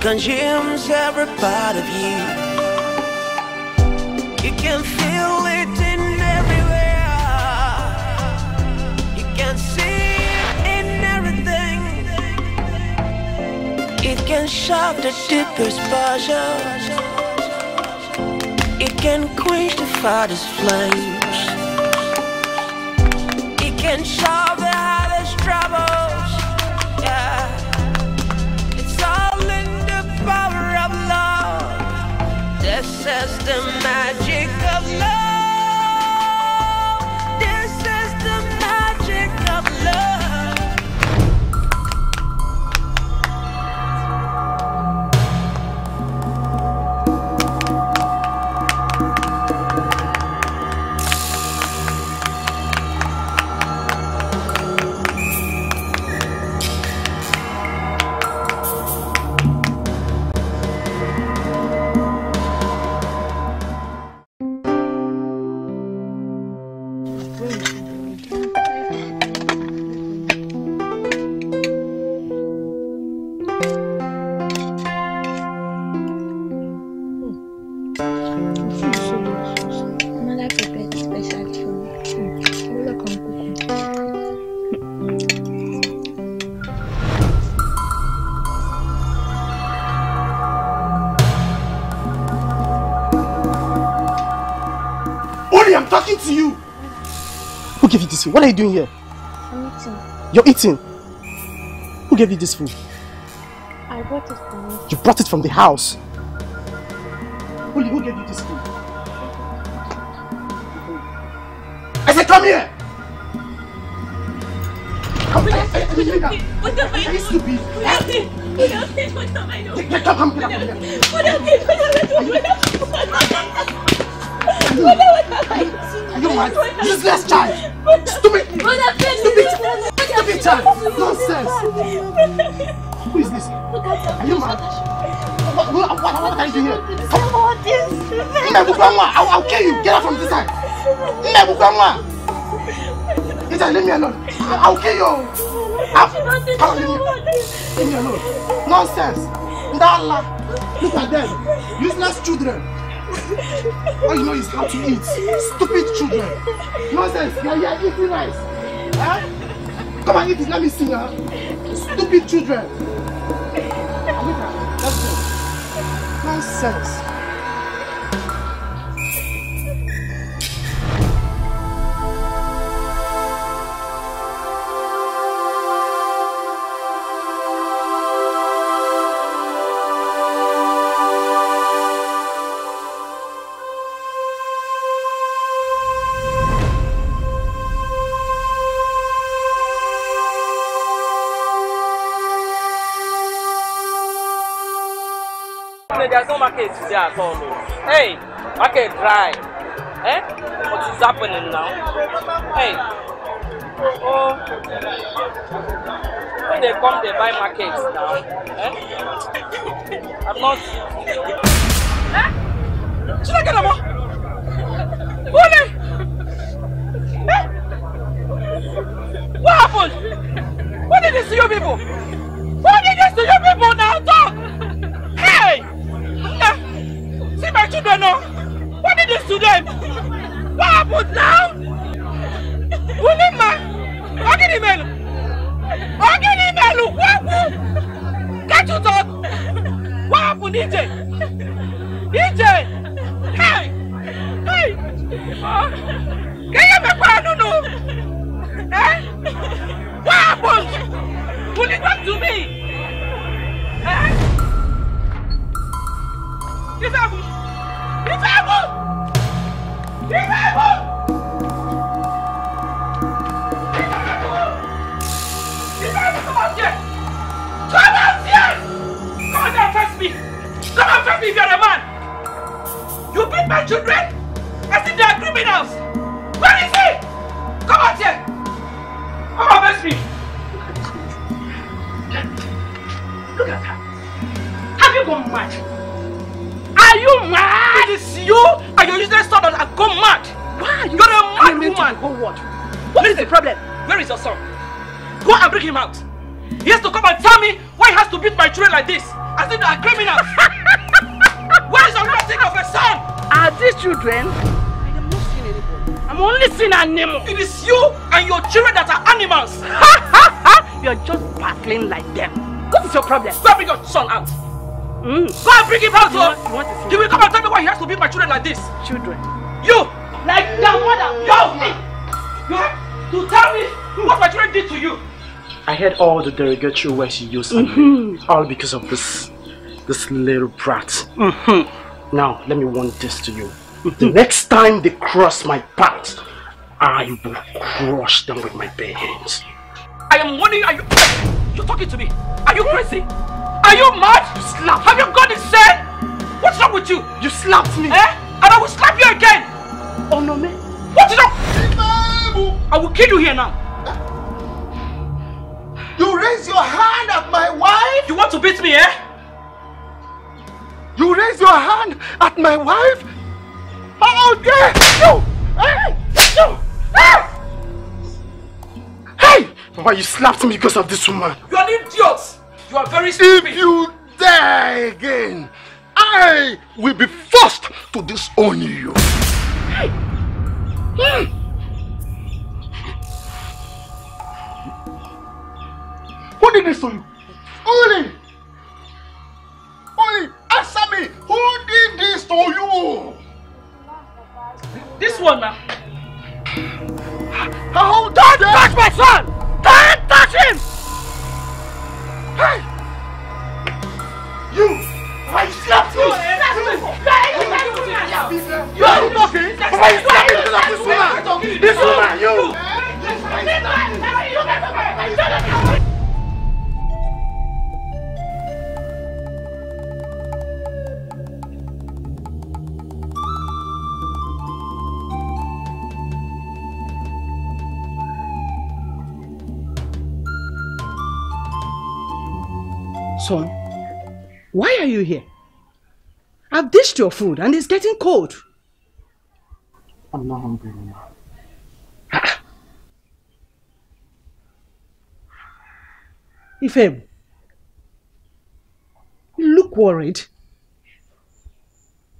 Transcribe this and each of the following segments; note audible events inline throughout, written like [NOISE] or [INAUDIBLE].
consumes every part of you. You can feel it in everywhere. You can see it in everything. It can solve the deepest puzzles. It can quench the farthest flames. It can solve. I'm talking to you. Who gave you this food? What are you doing here? I'm eating. You're eating? Who gave you this food? I brought it from you. You brought it from the house? Bully, who gave you this key? I said, come here! Come here! What have I done? Are you stupid? What the fuck? done? What have I done? Get up, come here! What the fuck? done? What have I done? Are you mad? Useless child! Stupid! What have I done? Stupid! Stupid child! Nonsense! Who is this? Are you mad? What, what, what, what can you do here? Come on, this. Mbebukwanwa, I'll, I'll kill you. Get out from this side. Mbebukwanwa. just leave me alone. I'll kill you. I'll, come on, leave me. Leave me alone. Nonsense. Ndala. Look at them. Useless children. All you know is how to eat. Stupid children. Nonsense. They are eating rice. Huh? Come and eat it. Let me see Huh? Stupid children. Sense. okay today at all no hey market dry eh what is happening now hey oh when they come they buy market now eh i'm not eh chineke na mo ole eh what happened what did they see you people what did they see you people now talk. children now? Oh. What did this to them? What happened now? man. What What did did Unima, Oginimelu, Oginimelu, Waku, can't you talk? What happened, DJ? E DJ, e hey, hey, can you make one? No, eh? What happened? problem? Go bring your son out. Mm. Go and bring him out. You, oh. want, you, want to you will come and tell me why he has to beat my children like this. Children? You! Like your mother! You have to tell me what my children did to you. I heard all the derogatory words you used mm -hmm. all because of this, this little brat. Mm -hmm. Now, let me warn this to you. Mm-hmm. The next time they cross my path, I will crush them with my bare hands. I am warning you. You're talking to me. Are you crazy? Are you mad? You slapped. Have you got insane? What's wrong with you? You slapped me. Eh? And I will slap you again. Oh no, man. What is wrong? I will kill you here now. You raise your hand at my wife? You want to beat me, eh? You raise your hand at my wife? How oh, dare you! You! Hey! Hey! Mama, you slapped me because of this woman. You are an idiot. You are very stupid. If you die again, I will be forced to disown you. Who did this to you? Only! Only! Answer me! Who did this to you? This one now. How dare you touch my son? touch him! Hey! You! I slapped you! You are talking! Why you slapping this woman? This woman, you! This woman, you! Son, why are you here? I've dished your food and it's getting cold. I'm not hungry anymore. [SIGHS] Ifem, you look worried.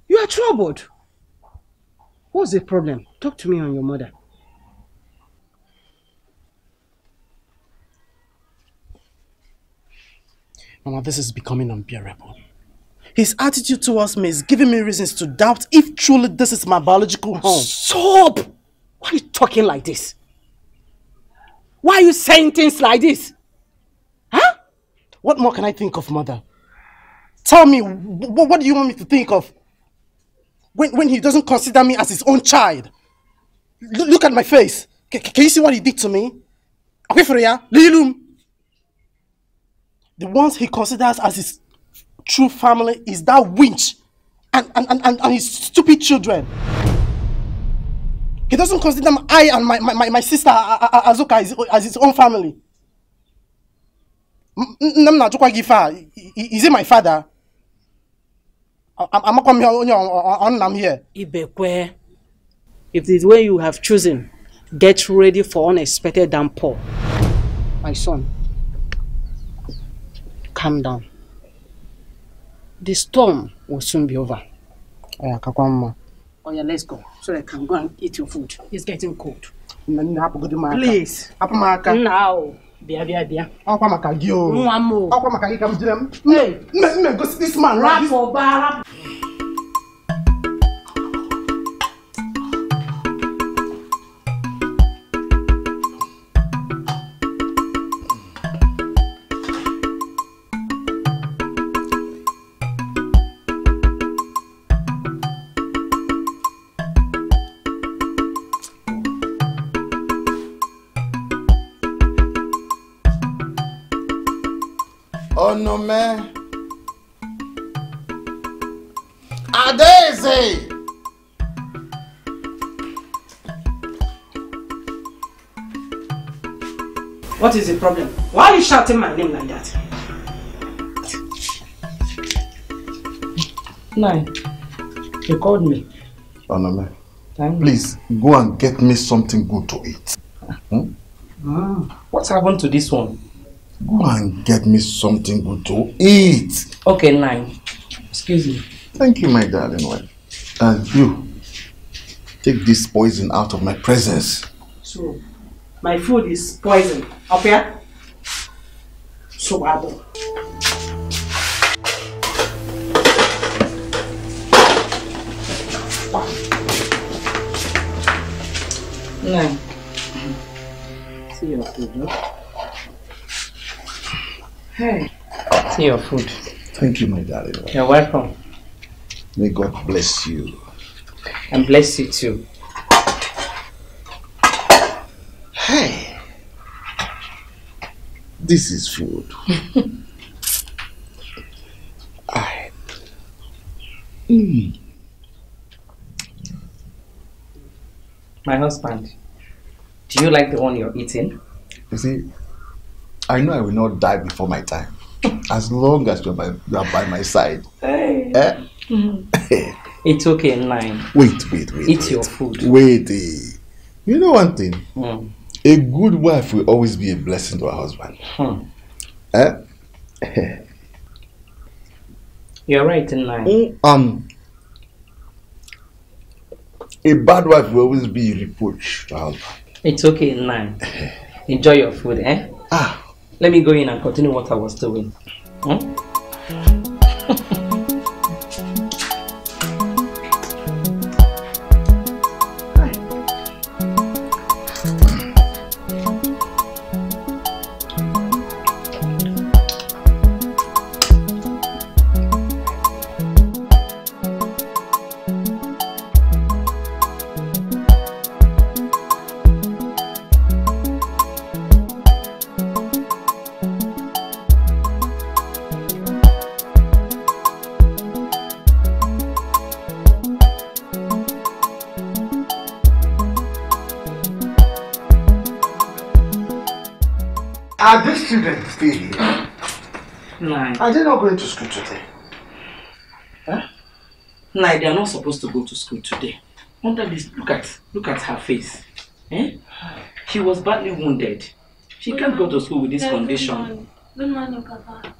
You are troubled. What's the problem? Talk to me on your mother. Mama, this is becoming unbearable. His attitude towards me is giving me reasons to doubt if truly this is my biological home. Stop! Why are you talking like this? Why are you saying things like this? Huh? What more can I think of, mother? Tell me, what do you want me to think of? When, when he doesn't consider me as his own child. L look at my face. C can you see what he did to me? Okay, Freya, leave the ones he considers as his true family is that winch and, and, and, and, his stupid children. He doesn't consider I and my, my, my sister Azuka as, as his own family. is he my father? I'm not coming on I'm here. Ibekwe, if this way you have chosen, get ready for unexpected downpour, my son. calm down. The storm will soon be over. Oh yeah, let's go. So I can go and eat your food. It's getting cold. Please. Now. Bịa bịa bịa. Ọkwa maka gị o. Nwa m o. Ọkwa maka gị ka m jire m. this man. Rapụ ọba rapụ. ọ̀nàmẹ́ Adéèzè. What is the problem? Why are you shouting my name like that? Nine, he called me. Ọ̀nàmẹ́, please go and get me something good to eat. Hmm? Mm. What happened to this one? Go and get me something good to eat. Okay, nine. Excuse me. Thank you, my darling wife. And you, take this poison out of my presence. So, my food is poison. Up here? So, bad. do Nine. See your food, huh? see your food. Thank you, my darling. You're welcome. May God bless you. And bless you too. Hey, this is food. [LAUGHS] I. Mm. My husband, do you like the one you're eating? You see, I know I will not die before my time. as long as you are by, you are by my side. Hey. Eh? Mm. [LAUGHS] it's okay in line. Wait, wait, wait. It's your food. Wait. Eh. You know one thing? Mm. A good wife will always be a blessing to her husband. Hmm. Eh? [LAUGHS] You're right in Mm, um, a bad wife will always be a reproach to her husband. It's okay in [LAUGHS] Enjoy your food, eh? Ah. Let me go in and continue what I was doing. Hmm? Are they not going to school today? Huh? No, they are not supposed to go to school today. Wonder this, look at, look at her face. Eh? She was badly wounded. She can't go to school with this condition. Good morning, Papa.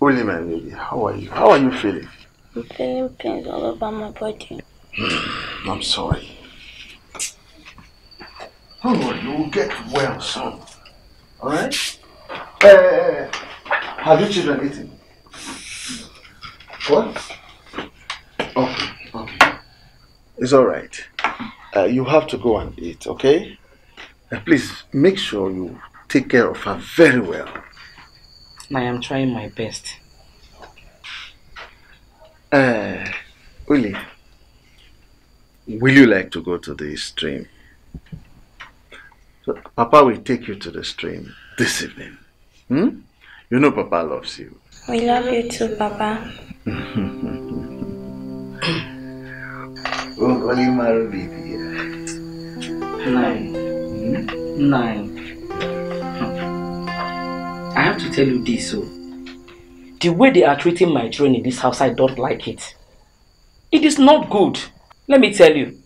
Only man, lady, how are you? How are you feeling? I'm feeling pains all over my body. Hmm, I'm sorry. Oh, you will get well soon. Alright? Uh, eh, eh, eh. Have you children eating? What? Okay, okay. It's all right. Uh, you have to go and eat, okay? Uh, please make sure you take care of her very well. I am trying my best. Uh, Willie, will you like to go to the stream? So, Papa will take you to the stream this evening. Hmm? You know Papa loves you. We love you too, Papa. We'll [LAUGHS] only baby. Nine. Hmm? Nine. [LAUGHS] I have to tell you this, so. Oh. The way they are treating my children in this house, I don't like it. It is not good. Let me tell you.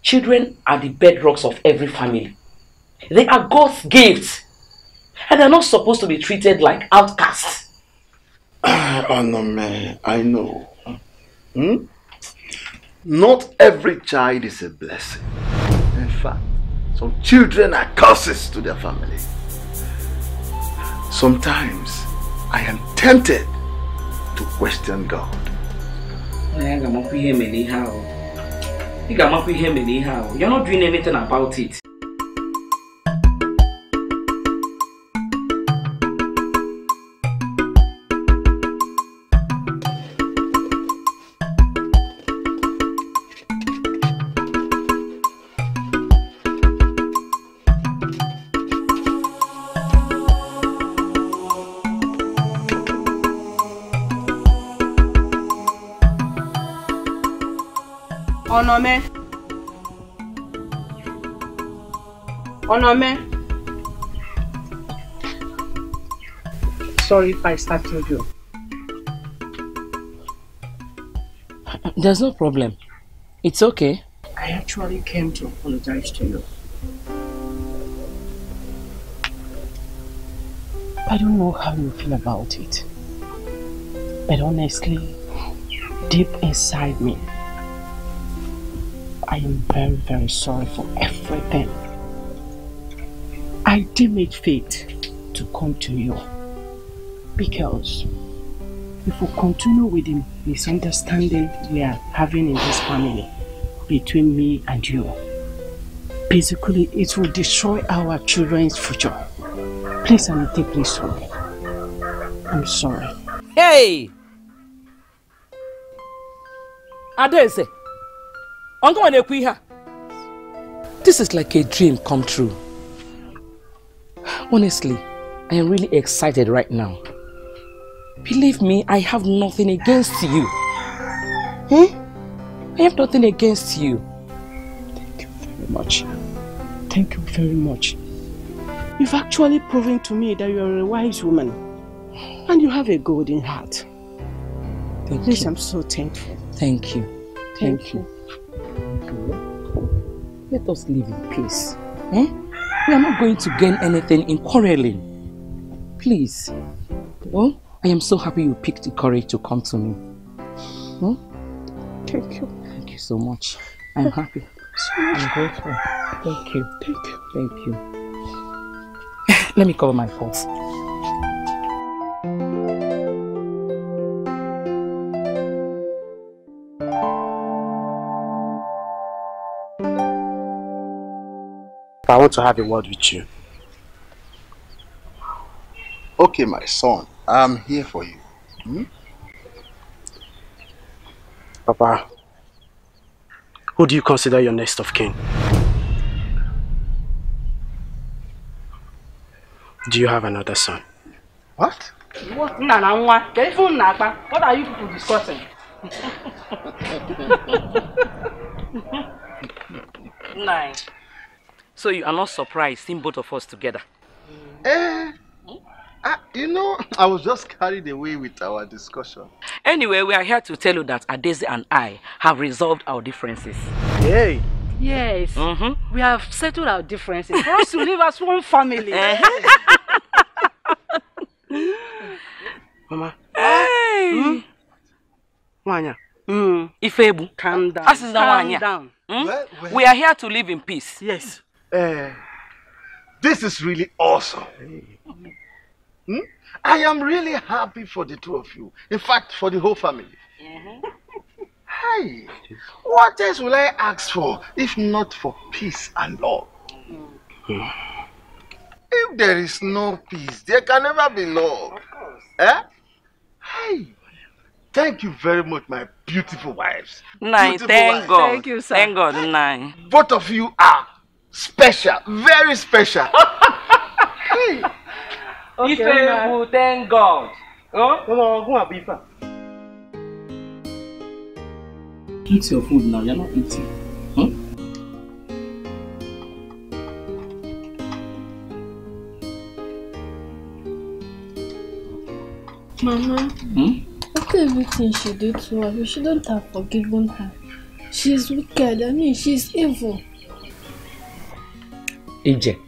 Children are the bedrocks of every family. They are God's gifts and they're not supposed to be treated like outcasts. oh ah, no, man, I know. Hmm? Not every child is a blessing. In fact, some children are curses to their families. Sometimes I am tempted to question God. You're not doing anything about it. mẹ ọ̀nà mẹ. Sorry if I startled you. There's no problem. It's okay. I actually came to apologize to you. I don't know how you feel about it. But honestly, deep inside me, I am very, very sorry for everything. I did make faith to come to you because if we continue with the misunderstanding we are having in this family between me and you, basically it will destroy our children's future. Please, Anita, please forgive me. I'm sorry. Hey! Adese! this is like a dream come true honestly i am really excited right now believe me i have nothing against you hmm? i have nothing against you thank you very much thank you very much you've actually proven to me that you are a wise woman and you have a golden heart thank please you. i'm so thankful thank you thank, thank you. you. Let us live in peace. Eh? We are not going to gain anything in quarreling. Please. Well, I am so happy you picked the courage to come to me. Hmm? Thank you. Thank you so much. I'm happy. I'm grateful. Thank you. Thank you. Thank you. [LAUGHS] Let me cover my pulse. I want to have a word with you. Okay, my son, I'm here for you. Hmm? Papa, who do you consider your next of kin? Do you have another son? What? What? are you people discussing? [LAUGHS] Nine. So you are not surprised seeing both of us together. Eh, uh, you know, [LAUGHS] I was just carried away with our discussion. Anyway, we are here to tell you that Adesi and I have resolved our differences. Hey! Yes, mm -hmm. we have settled our differences for us to live as one family. Eh. [LAUGHS] Mama. Hey! Hmm? Wanya. Mm. Ifebu. Calm down. Calm down. Hmm? Where, where? We are here to live in peace. Yes. Uh, this is really awesome. Hmm? I am really happy for the two of you. In fact, for the whole family. Mm mm-hmm. Hi. What else will I ask for if not for peace and love? Mm-hmm. If there is no peace, there can never be love. Of course. Eh? Hi. Thank you very much, my beautiful wives. Nine, beautiful thank wives. God. Thank you, sir. Thank God, Nine. Both of you are Special, very special. [LAUGHS] hey. okay, thank God. Huh? No, no, go and be far. Eat your food now, you're not eating. Huh? Mama, hmm? after everything she did to us, we shouldn't have forgiven her. She's wicked, I mean, she's evil. Ije.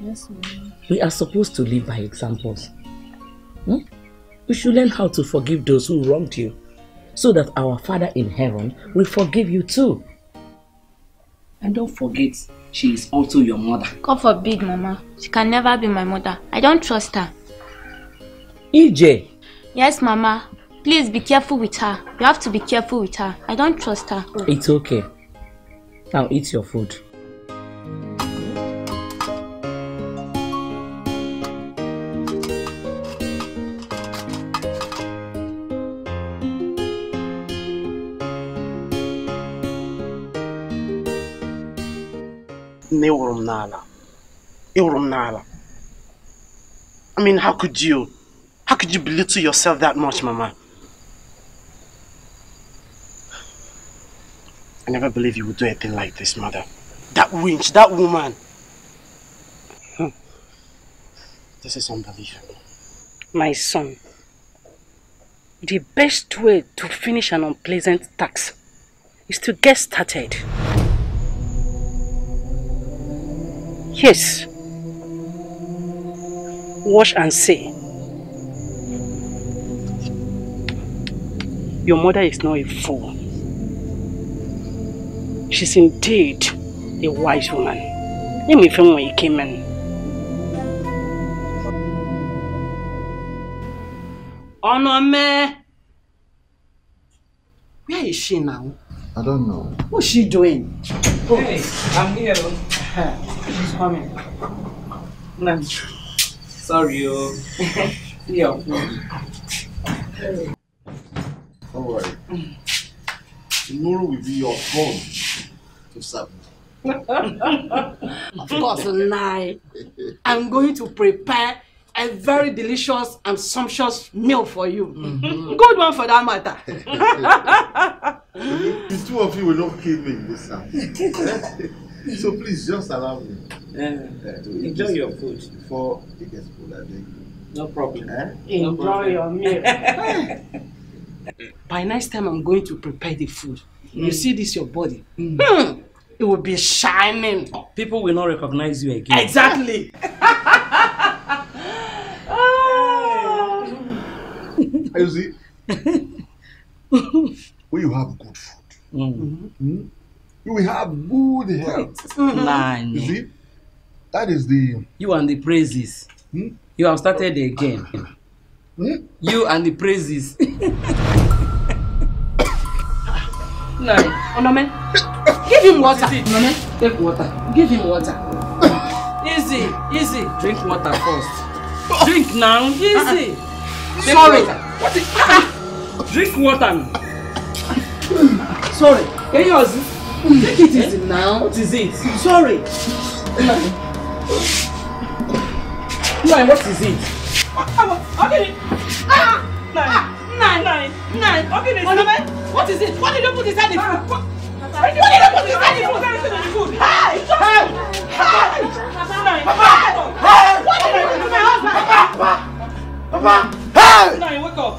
Yes, ma'am. We are supposed to live by examples. Hmm? We should learn how to forgive those who wronged you so that our Father in heaven will forgive you too. And don't forget, she is also your mother. God forbid, Mama. She can never be my mother. I don't trust her. EJ. Yes, Mama. Please be careful with her. You have to be careful with her. I don't trust her. It's okay. Now eat your food. n'ala n'ala I mean how could you how could you belittle yourself that much mama I never believed you would do anything like this mother that winch that woman hmm. this is unbelievable my son the best way to finish an unpleasant task is to get started. Yes. Wash and see. Your mother is not a fool. She's indeed a wise woman. Let me film when you came in. me! Where is she now? I don't know. What's she doing? Hey, I'm here. Come here. No. Sorry, you. Yo. Alright. [LAUGHS] Tomorrow will be your phone to serve [LAUGHS] of course, now I'm going to prepare a very delicious and sumptuous meal for you. Mm -hmm. Good one for that matter. [LAUGHS] the two of you will not kill me this time. [LAUGHS] so please just allow me. Uh, uh, enjoy your food. Before it gets colder, No problem. Eh? Enjoy no your meal. [LAUGHS] By next time, I'm going to prepare the food. Mm. You hmm. see this, your body. Mm. Mm. It will be shining. People will not recognize you again. Exactly. Are you see, when you have good food, -hmm. hmm you will have good health. Nani. Mm-hmm. You see? That is the. You and the praises. Hmm? You have started again. hmm? You and the praises. [LAUGHS] Nani. Onome, give him water. Onome, take water. Give him water. Easy, easy. Drink water first. Drink now. Easy. Uh-uh. Sorry. What is... Ah, Drink water. Sorry. Can you Take it easy now. What is it? Sorry. Nine, what is it? Ah, ah, ah, okay. Ah! Nine. Nine, nine, nine. Okay, this woman. What is it? What did you put inside the food? What did you put inside the food? Hi! Hi! Hi! Papa! What did you do to my husband? Papa! Papa! Papa! Hey! Nine, wake up.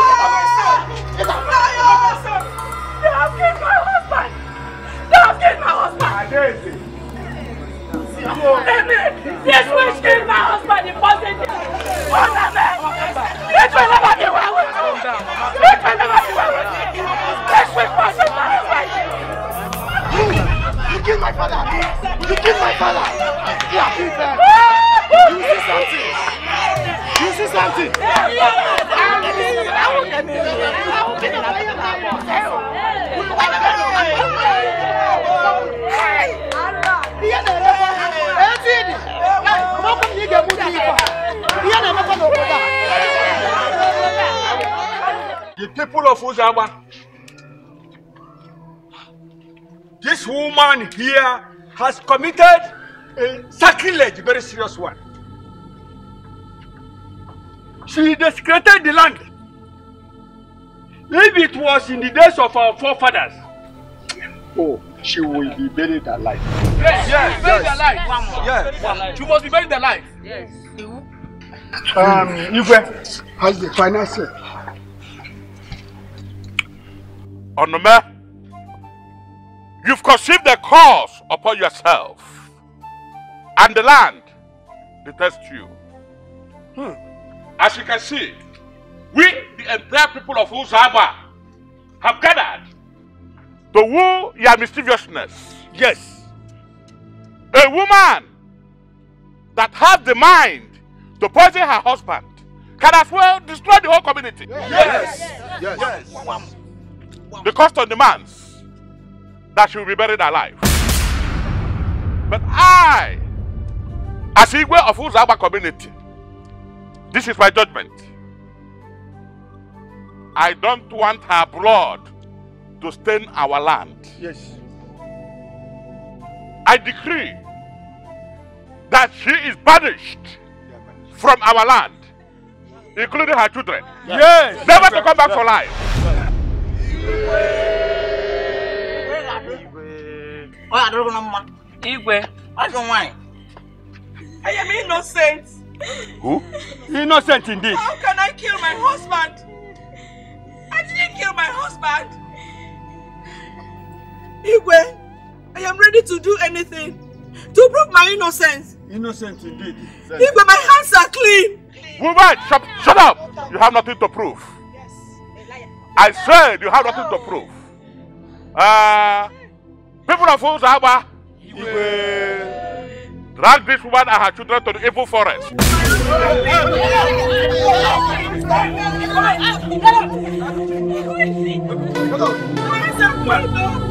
This witch gave my husband the positive. What the man? This will never be well with you. This will never be well with you. This witch poisoned my husband. You, you killed my father. You killed my father. You are people. You see something. You see something. Hey! Allah! The people of Uzaba, this woman here has committed a sacrilege, very serious one. She desecrated the land. If it was in the days of our forefathers, oh, she will be buried alive. Yes, yes, yes. buried alive. Yes. she must be buried alive. Yes. Um, Ife, has the finance, Onome, you've conceived a cause upon yourself, and the land detests you. Hmm. As you can see, we, the entire people of Uzaba, have gathered to woo your mischievousness. Yes. A woman that has the mind to poison her husband can as well destroy the whole community. Yes. Yes. yes. yes. The custom demands that she will be buried alive. But I, as Igwe of Uzaba community, this is my judgment. I don't want her blood to stain our land. Yes. I decree that she is banished from our land, including her children. Yes. Never to come back for life. Igwe. I am innocent. Who? Innocent indeed. How can I kill my husband? I didn't kill my husband. Igwe, I am ready to do anything to prove my innocence. Innocent indeed. Exactly. Igwe, my hands are clean. Woman, shut, shut up. You have nothing to prove. Yes, a liar. I said you have nothing to prove. Uh, people of Uzaba, Igwe, drag this woman and her children to the evil forest. Hello.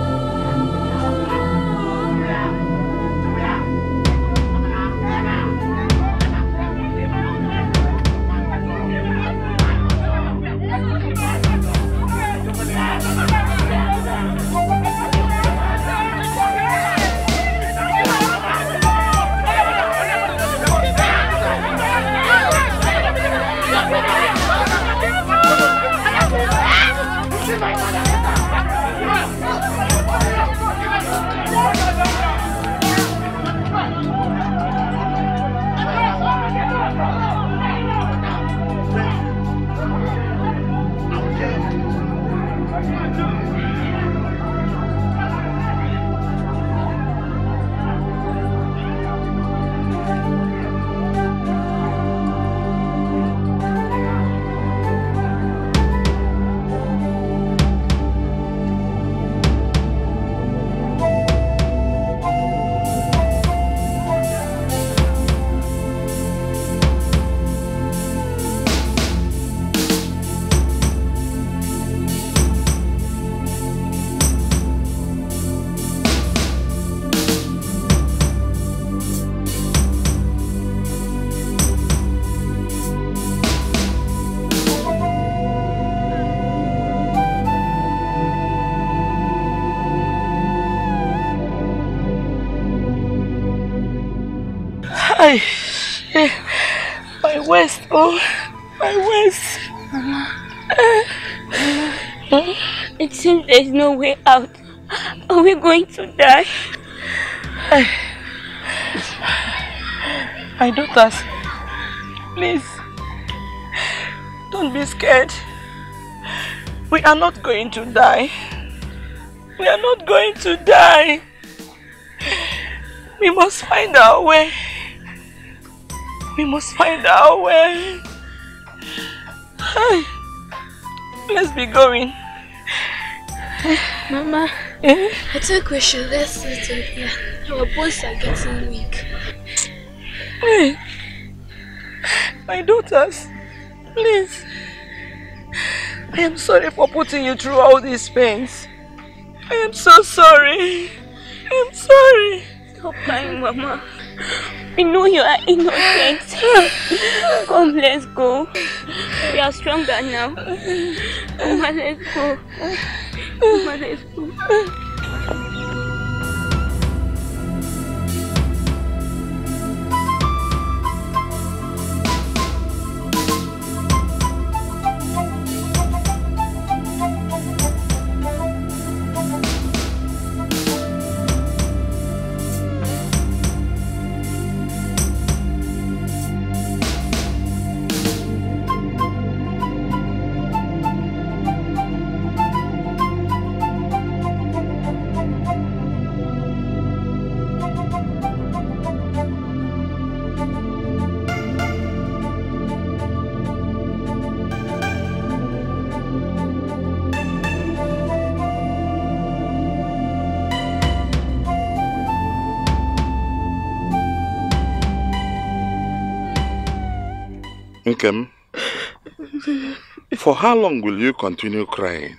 Oh, my words. Mama. It seems there's no way out. Are we going to die? My daughters, please, don't be scared. We are not going to die. We are not going to die. We must find our way. We must find our way. Let's be going. Mama, eh? I think we should let sit here. Our boys are getting weak. Hey. My daughters, please. I am sorry for putting you through all these pains. I am so sorry. I am sorry. Stop crying, Mama. I know you are innocent. Come, let's go. We are stronger now. Come on, let's go. Come on, let's go. Ikem, for how long will you continue crying?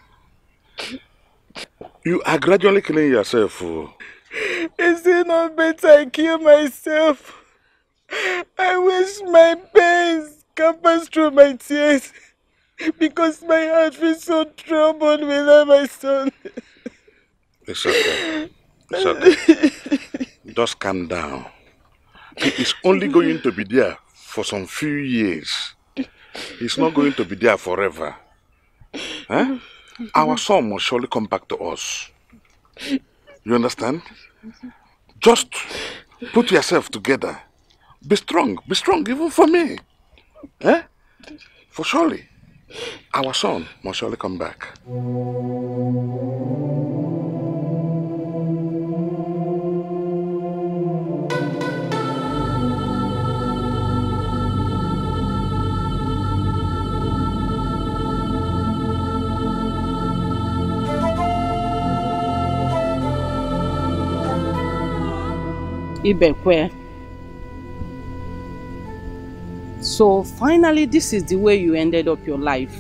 You are gradually killing yourself. Oh. Is it not better I kill myself? I wish my pains can pass through my tears because my heart feels so troubled without my son. It's okay. It's okay. Just calm down. He is only going to be there for some few years. He's not going to be there forever. Eh? Our son will surely come back to us. You understand? Just put yourself together. Be strong. Be strong even for me. Eh? For surely, our son must surely come back. Ibekwe. So finally, this is the way you ended up your life.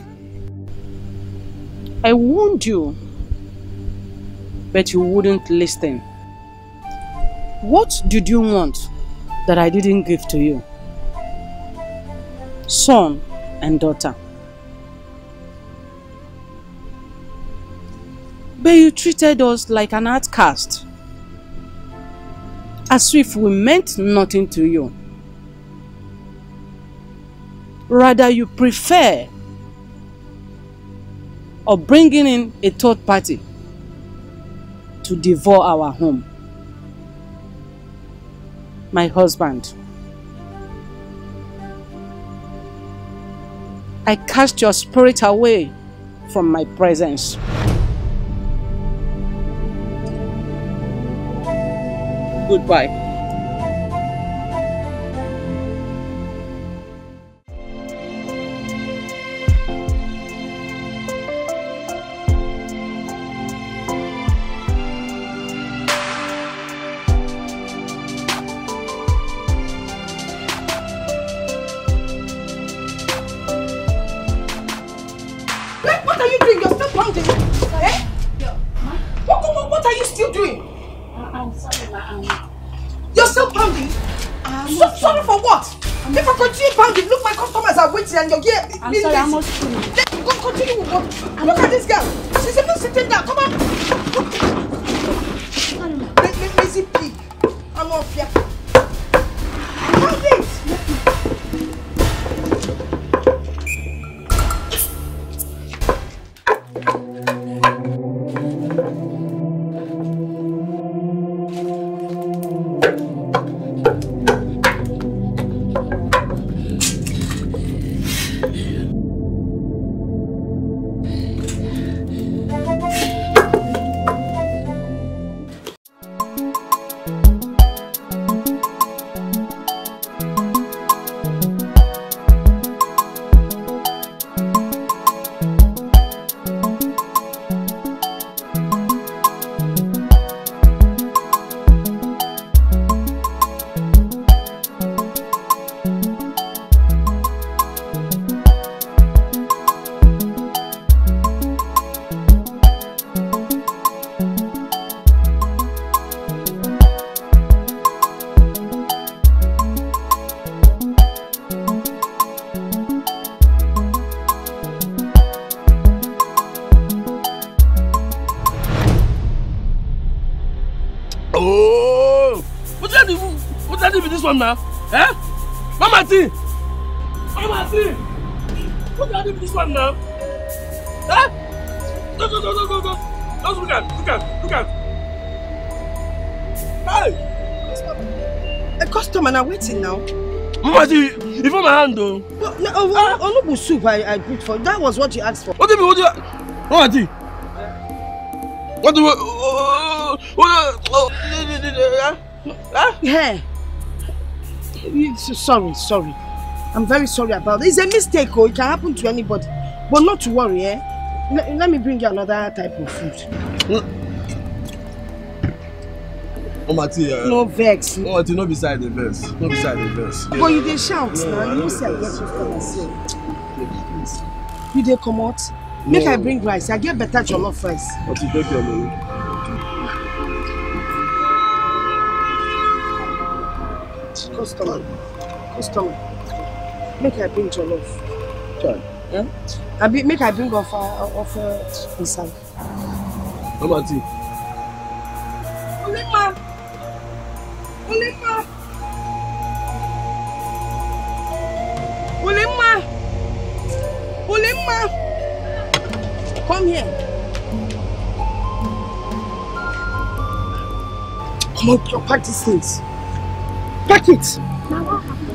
I warned you, but you wouldn't listen. What did you want that I didn't give to you? Son and daughter. But you treated us like an outcast as if we meant nothing to you. Rather, you prefer or bringing in a third party to devour our home. My husband. I cast your spirit away from my presence. goodbye eating now. Mama, even my hand though. No, no, uh, ah. Oh, soup I, I put for That was what you asked for. What do you mean? What do you... Mama, G. What do you... Uh, what do you... Uh, yeah. Sorry, sorry. I'm very sorry about it. It's a mistake, oh. It can happen to anybody. But not to worry, eh? L let me bring you another type of food. Omati, uh, eh, no vex. Oh, no not beside the vex. No beside the vex. Yeah. But you dey shout no, now. You say I get food for myself. You dey come out? No. Make I bring rice. I get better jollof rice. What you take your money? Customer, customer, make I bring jollof. Try. Yeah? I be, make I bring offer, offer inside. Omati. Come on, girl, pack these things. Pack it. Now what happened?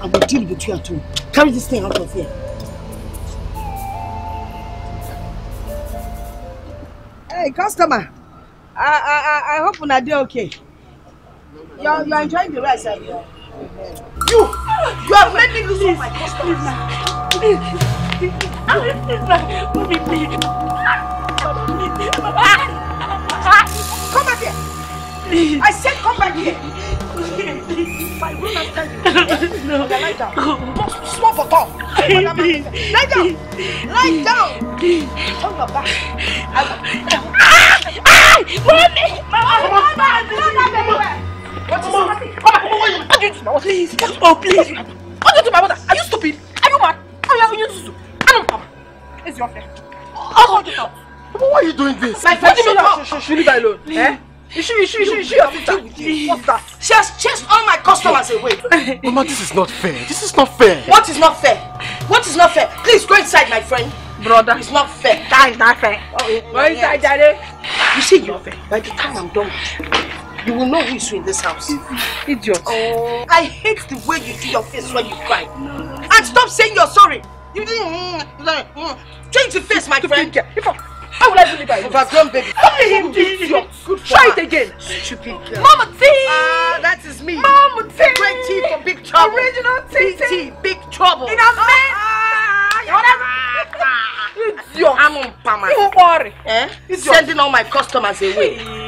I will deal with you at home. Carry this thing out of here. Hey, customer. I I I, I hope una dey okay. You're you're enjoying the rest, are you? You you are making me lose all my customers. Please, please, please, please, please, please, please. Please. I said come back here. I will not tell you. No. Lie down. Small for talk. Lie down. Lie down. Please. your back. Ah! Ah! Mommy! Mama! Mama! Mama! Mama! What is happening? Mama, come on. What do you do now? Please. Oh, please. What do you do, my mother? Are you stupid? Are you mad? Are you used to? I don't come. It's your friend. I'll oh, hold it out. Why are you doing this? My friend, what do you mean? She, she, she, she leave her alone. Please. Eh? Ishi, Ishi, Ishi, Ishi, Afita. What's that? She has chased all my customers away. Mama, this is not fair. This is not fair. What is not fair? What is not fair? Please go inside, my friend. Brother. It's not fair. That is not fair. Oh, yeah, go inside, Daddy. You see, you're fair. By the time I'm done, you will know who is in this house. Idiot. Oh, I hate the way you do your face when you cry. And stop saying you're sorry. You didn't. Change the face, my friend. How will I believe I overgrown baby? Only him did it. Try it again. Stupid girl. Mama T. Ah, that is me. Mama T. Great T for big trouble. Original T. Big T. Big trouble. In a man. Idiot. I'm on Pama. Don't worry. Eh? Sending all my customers away.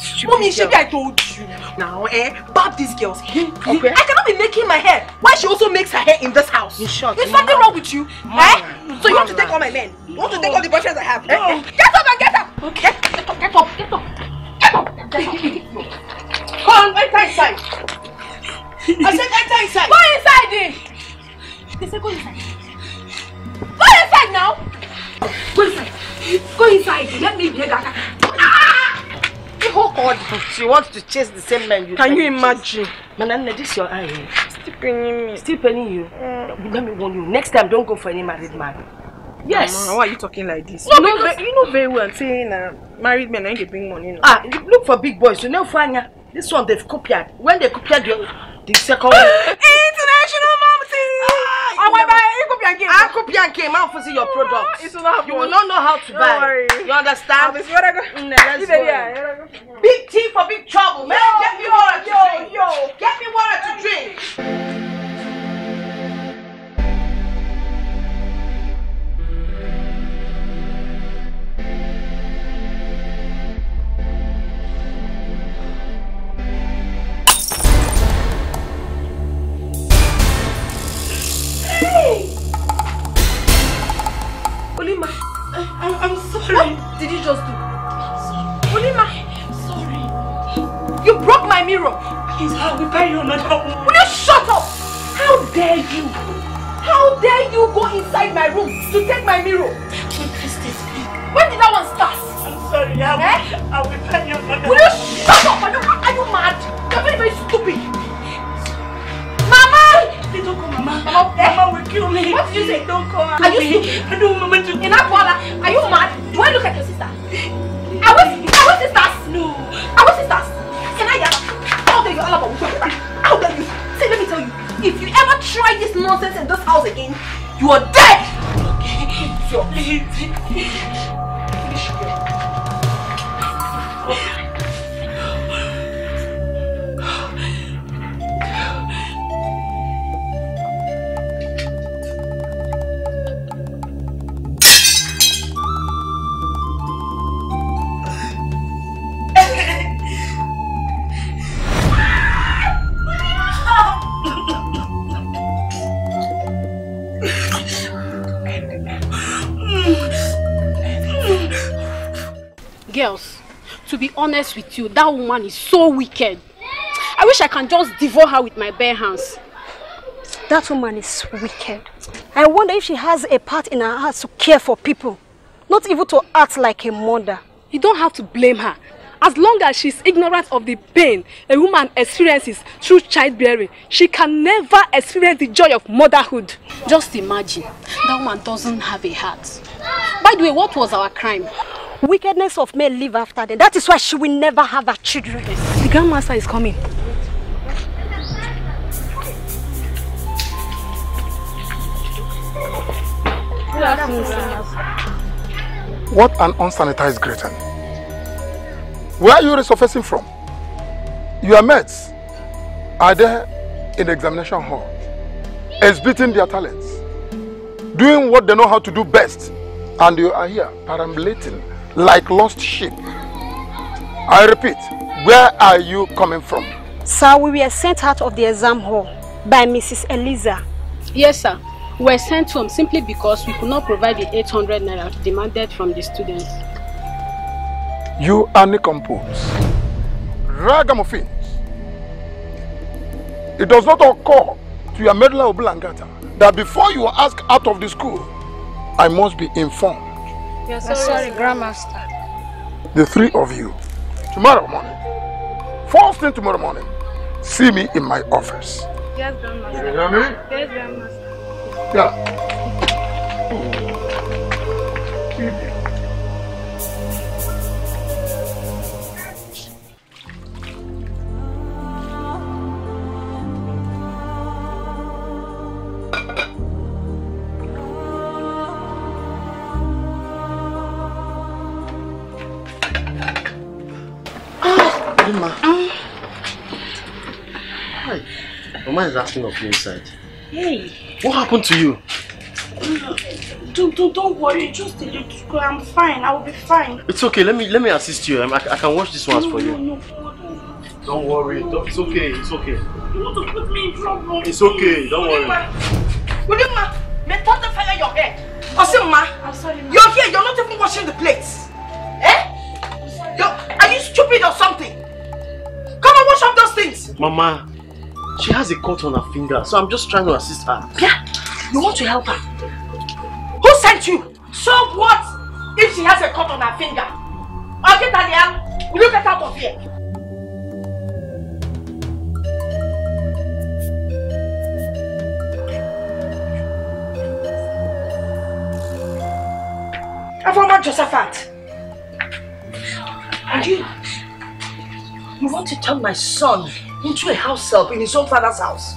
stupid Mommy, girl. Mommy, I told you. Now, eh, bob these girls. Okay. I cannot be making my hair. Why she also makes her hair in this house? In short, There's something wrong with you. Eh? So you want to take all my men? You want to take all the brushes I have? No. Eh? Get up and get up. Okay. Get up, get up, get up. Get up. Come on, enter inside. I said enter inside. Go inside. Eh? They said go inside. Go inside now. Go inside. Go inside. Let me hear that. Ah! She who she wants to chase the same man you Can you imagine? Manana, this your eye. Still paying me. Still paying you. Mm. Let me warn you. Next time, don't go for any married man. Yes. Mama, why are you talking like this? No, you, know, because... you know very well saying uh, married men ain't they bring money. No? Ah, look for big boys. You know, Fanya. This one they've copied. When they copied your The second [LAUGHS] International Mountain! Ah, oh my god, Akupian came. Akupian came out for see your ah, products. It's not you will not know how to buy. Worry. You understand? This what I go. let's go. Big tea for big trouble. Man, get me water yo, to drink. Yo, yo. Get me water to drink. Hey! Olima, I, am sorry. What did you just do? Olima, I'm sorry. You broke my mirror. Please, I will buy you another one. Will you shut up? How dare you? How dare you go inside my room to take my mirror? When did that one start? I'm sorry, I will, eh? I will buy you another one. Will you shut up? Are you, are you mad? You're very, very stupid. music don't call. Are you stupid? No, Mama Chuku. Inakwala, are you mad? Do I look like your sister? I was, I was sisters? No. I was sisters? Can I get I'll tell you all about what I'll tell you. See, let me tell you. If you ever try this nonsense in this house again, you are dead. Okay. [LAUGHS] honest with you, that woman is so wicked. I wish I can just devour her with my bare hands. That woman is wicked. I wonder if she has a part in her heart to care for people, not even to act like a mother. You don't have to blame her. As long as she's ignorant of the pain a woman experiences through childbearing, she can never experience the joy of motherhood. Just imagine, that woman doesn't have a heart. By the way, what was our crime? Wickedness of men live after them. That is why she will never have her children. The grandmaster is coming. What an unsanitized greeting. Where are you resurfacing from? Your mates are there in the examination hall, exhibiting their talents, doing what they know how to do best, and you are here perambulating like lost sheep. I repeat, where are you coming from? Sir, we were sent out of the exam hall by Mrs. Eliza. Yes, sir. We were sent home simply because we could not provide the 800 naira demanded from the students. You are decompose. Ragamuffins. It does not occur to your medulla oblongata that before you are asked out of the school, I must be informed you're sorry, sorry Grandmaster. The three of you, tomorrow morning, first thing tomorrow morning, see me in my office. Yes, Grandmaster. You hear me? Yes, Grandmaster. Yeah. Hey, Hi. Mama is asking of you inside. Hey. What happened to you? Don't, don't, don't worry, just a little. I'm fine. I will be fine. It's okay. Let me let me assist you. Um, I, I can wash these ones no, for you. No, no, no. don't worry. Don't, it's okay. It's okay. You want to put me in trouble? It's okay. Don't worry. Will you ma? Me put the fire your head. I say ma. I'm sorry. Ma. You're here. You're not even washing the plates. Eh? You're, are you stupid or something? Mama, she has a cut on her finger, so I'm just trying to assist her. Yeah, you want to help her? Who sent you? So what if she has a cut on her finger? Okay, Talia, will you get out of here? Avoma Josephat, and you, you want to tell my son into a house help in his own father's house?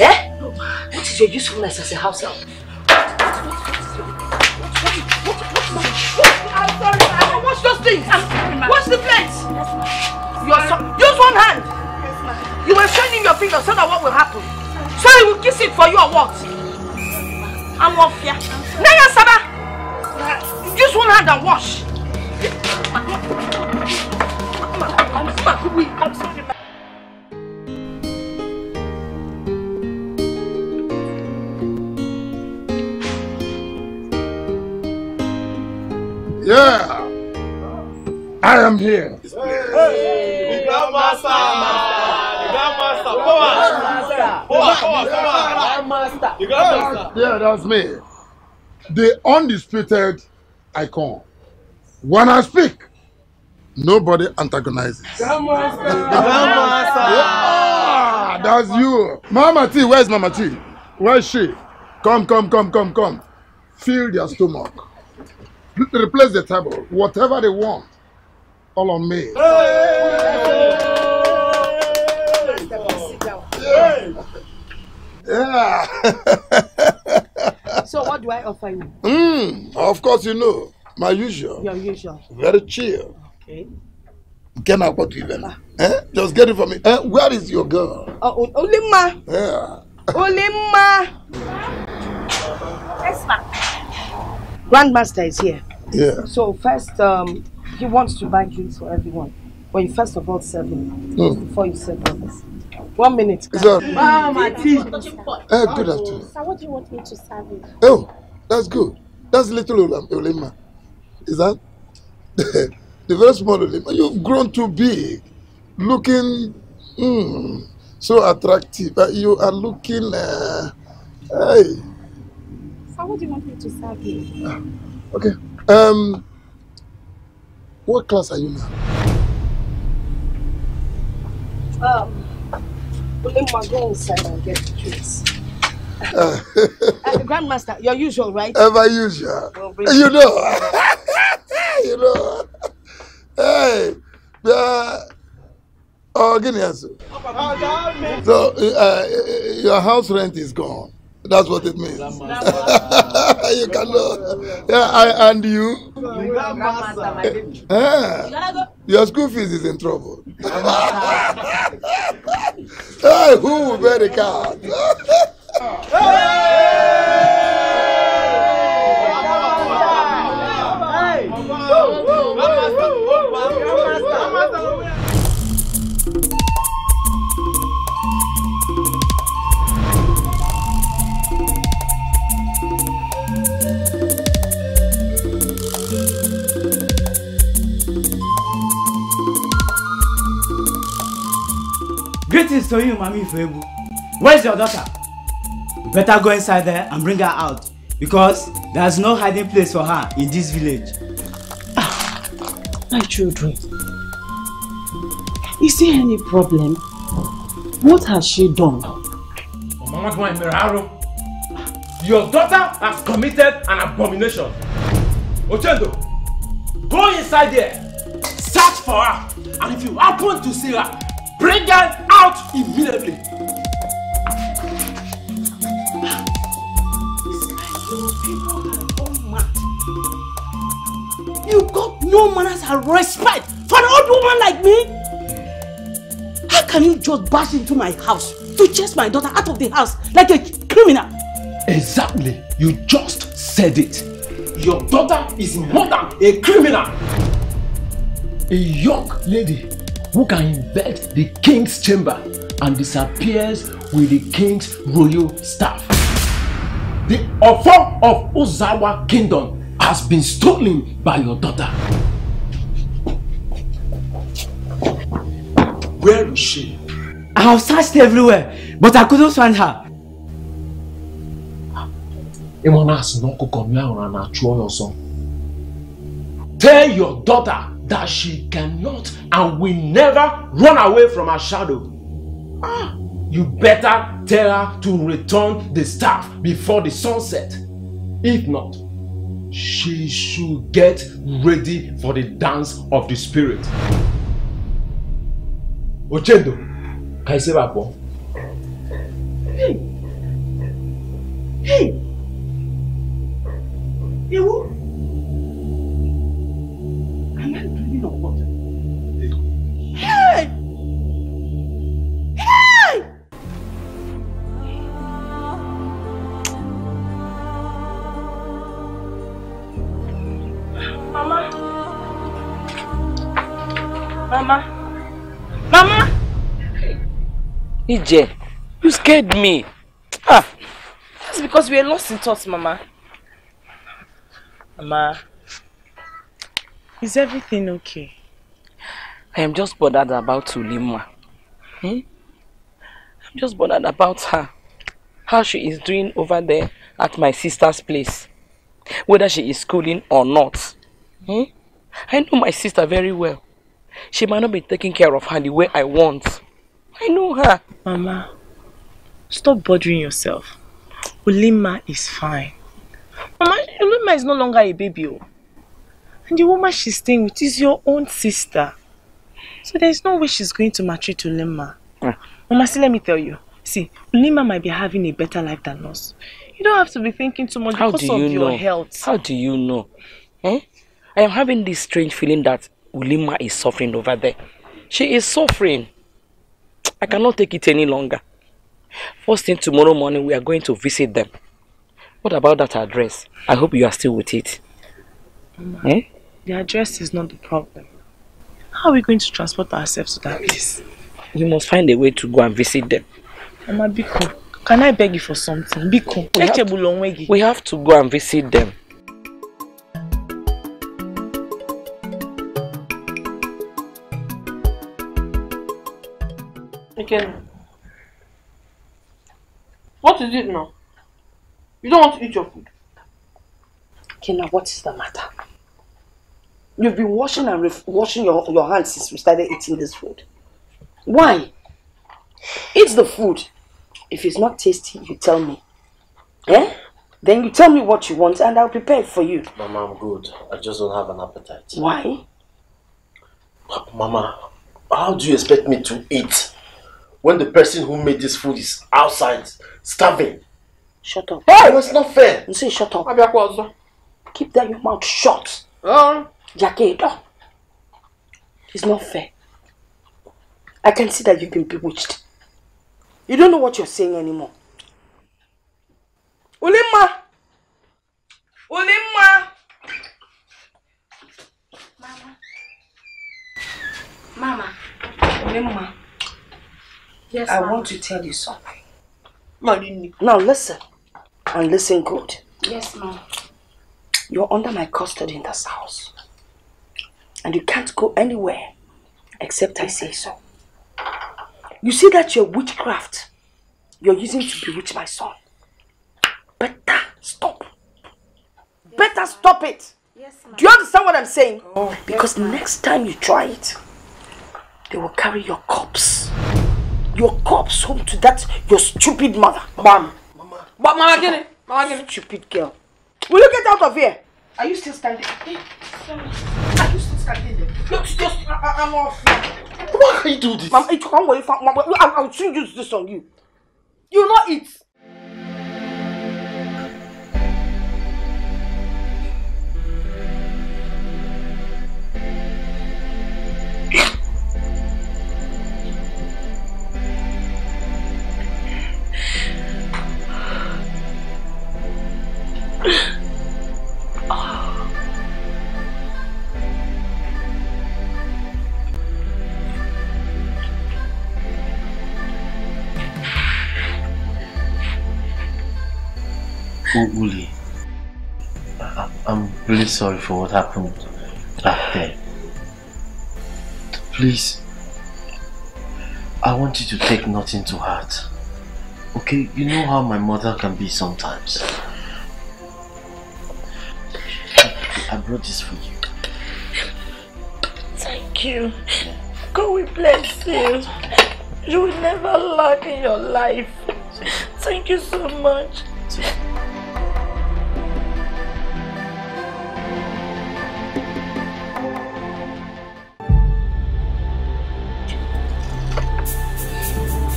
Eh? What is your usefulness as a house help? i wash those things. Wash the plates. Your so use one hand. Yes, you were shining your finger, so that what will happen? So he will kiss it for you or what? I'm off here. Naya Saba! Use one hand and wash. I'm sorry. Yeah. I am here. The Grandmaster. The Grandmaster. Come on. Come on. Come on. Come on. Grandmaster. The Grandmaster. Yeah, that's me. The undisputed icon. When I speak, nobody antagonizes. Grandmaster. Grandmaster. Yeah, that's you. Mama T, where's Mama T? Where's she? Come, come, come, come, come. Fill their stomach replace the table, whatever they want, all on me. Yeah. yeah. [LAUGHS] so what do I offer you? Mm, of course you know. My usual. Your usual. Very chill. Okay. Can I put even? Eh? Just get it for me. Eh? Where is your girl? Oh, uh, Olima. Yeah. Olima. [LAUGHS] Yes, Grandmaster is here. Yeah. So first, um, he wants to buy drinks for everyone. When you first of all serve him mm. before you serve others. One minute. Sir. Ah, oh, my tea. Uh, eh, good afternoon. Sir, what do you want me to serve you? Oh, that's good. That's little Olema. Is that? [LAUGHS] the very small Olema. You've grown too big. Looking mm, so attractive. Uh, you are looking... Uh, hey. How would you want me to serve you? Uh, okay. Um, what class are you now? Um, Ulema, go inside and get the treats. Ah. Uh, Grandmaster, your usual, right? Ever uh, usual. you know. [LAUGHS] you know. Hey, uh. Oh, give me oh, oh, answer. So, uh, uh, your house rent is gone. That's what it means. [LAUGHS] you cannot. Yeah, I and you. Yeah. Your school fees is in trouble. [LAUGHS] hey, who will bear the [LAUGHS] Greetings to you, Mami Febu. Where's your daughter? You better go inside there and bring her out because there's no hiding place for her in this village. Ah, my children, is there any problem? What has she done? Your daughter has committed an abomination. Ochendo, go inside there, search for her, and if you happen to see her, Bring them out immediately. You got no manners and respect for an old woman like me. How can you just bash into my house to chase my daughter out of the house like a criminal? Exactly. You just said it. Your daughter is more than a criminal. A young lady who can invade the king's chamber and disappears with the king's royal staff. The offer of Ozawa kingdom has been stolen by your daughter. Where is she? I have searched everywhere, but I couldn't find her. Ịmụ na-asị na ọkụkọ mmiri ahụrụ na-achụ Tell your daughter that she cannot and will never run away from her shadow. Ah, you better tell her to return the staff before the sunset. If not, she should get ready for the dance of the spirit. Ochendo, can you say that Hey! Hey! Ewu! Hey. Hey! Hey! Mama. Mama. Mama. Ije, you scared me. Ah, that's because we are lost in thoughts, Mama. Mama. Is everything okay? I am just bothered about Ulima. Hmm? I'm just bothered about her. How she is doing over there at my sister's place. Whether she is schooling or not. Hmm? I know my sister very well. She might not be taking care of her the way I want. I know her. Mama, stop bothering yourself. Ulima is fine. Mama, Ulima is no longer a baby. Oh. And the woman she's staying with is your own sister. So there's no way she's going to marry to Lima. Yeah. Hmm. Mama, see, let me tell you. See, Lima might be having a better life than us. You don't have to be thinking too much How because do you of your health. How do you know? Huh? Hmm? I am having this strange feeling that Ulima is suffering over there. She is suffering. I cannot take it any longer. First thing tomorrow morning, we are going to visit them. What about that address? I hope you are still with it. Mama, eh? The address is not the problem. How are we going to transport ourselves to that place? You must find a way to go and visit them. Mama Biko, can I beg you for something? Biko, we have, to, we have to go and visit them. Again. What is it now? You don't want to eat your food. Okay, now what is the matter? You've been washing and washing your, your hands since we started eating this food. Why? Eat the food. If it's not tasty, you tell me. Eh? Then you tell me what you want and I'll prepare it for you. Mama, I'm good. I just don't have an appetite. Why? Mama, how do you expect me to eat when the person who made this food is outside starving? Shut up. Hey, it's not fair. You say shut up. Keep that your mouth shut. Uh, Jackie, oh, it's not fair. I can see that you've been bewitched. You don't know what you're saying anymore. Ulima! Ulima! Mama. Mama. Ulima. Yes, I want to tell you something. Now listen. And listen good. Yes, madam You're under my custody in this house. And you can't go anywhere except I say so. You see that your witchcraft you're using to bewitch my son. Better stop. Yes, Better stop it. Yes, Do you understand what I'm saying? Oh, because yes, next time you try it, they will carry your corpse. Your corpse home to that, your stupid mother. Mom. Mama. But Mama Gini. Mama Gini. Stupid girl. Will you get out of here? Are you still standing? sorry. Are you still Look, just, I, I'm off. Why can you do this? Mom, it, I'm, I'll soon use this on you. You know it. sorry for what happened back there. Please, I want you to take nothing to heart. Okay, you know how my mother can be sometimes. I brought this for you. Thank you. God will bless you. You will never lack in your life. Thank you so much.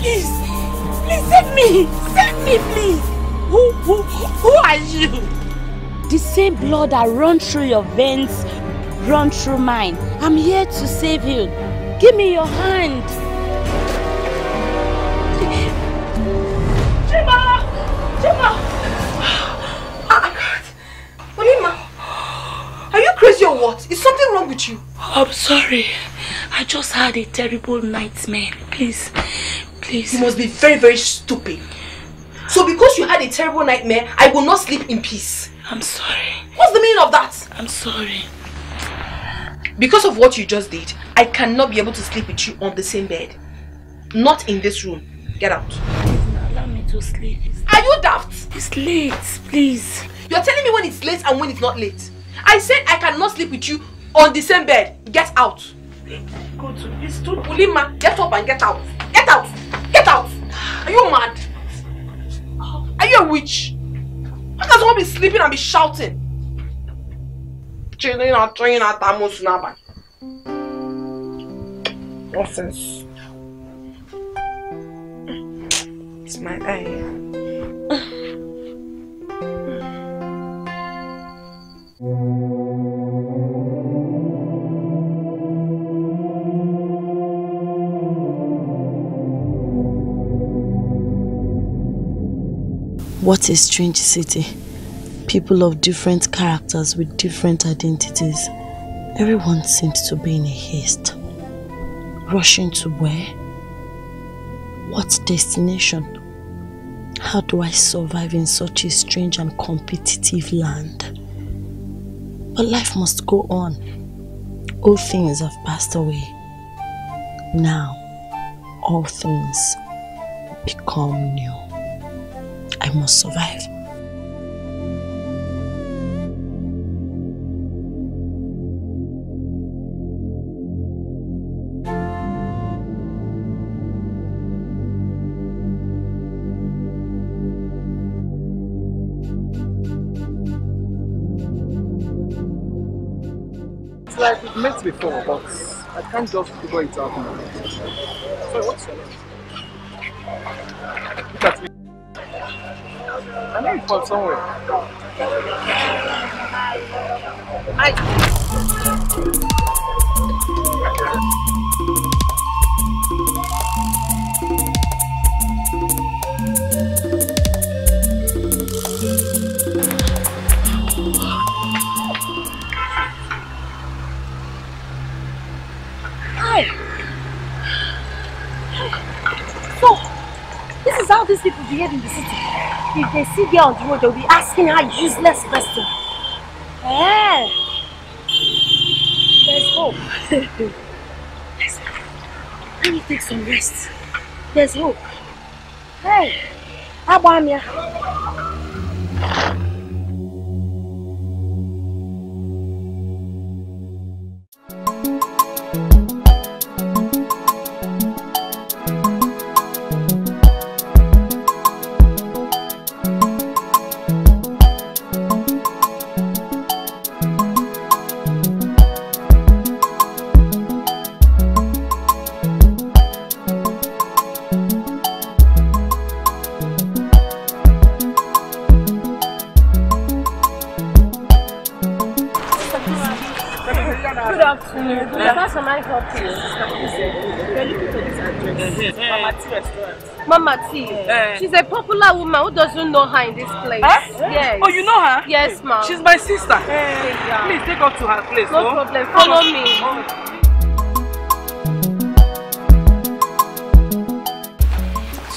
Please, please save me. Save me, please. Who, who, who are you? The same blood that runs through your veins runs through mine. I'm here to save you. Give me your hand. Chima! Chima! Ah, God. Olima, are you crazy or what? Is something wrong with you? I'm sorry. I just had a terrible nightmare. Please, Please. You must be very, very stupid. So because you had a terrible nightmare, I will not sleep in peace. I'm sorry. What's the meaning of that? I'm sorry. Because of what you just did, I cannot be able to sleep with you on the same bed. Not in this room. Get out. Allow me to sleep. Are you daft? It's late, please. You're telling me when it's late and when it's not late. I said I cannot sleep with you on the same bed. Get out. Go to this too. Ulima, get up and get out. Get out. Get out! Are you mad? Are you a witch? Why does one be sleeping and be shouting? Children are training at Amos Naba. Nonsense. It's my eye. [LAUGHS] What a strange city. People of different characters with different identities. Everyone seems to be in a haste. Rushing to where? What destination? How do I survive in such a strange and competitive land? But life must go on. All things have passed away. Now, all things become new. I must survive. It's like we've met before, but I can't just figure it out now. So what's your name? Look at me. I know you fought somewhere. I. how these people behave in the city. If they see you on the road, they'll be asking her useless question. Eh? There's hope. Let's [LAUGHS] go. Let me take some rest. There's hope. Hey, how about me? party. Yeah. Eh. She's a popular woman who doesn't know her in this place. Huh? Yes. Oh, you know her? Yes, ma'am. She's my sister. Yeah. Please take her to her place. No, no? Oh. problem. Follow me.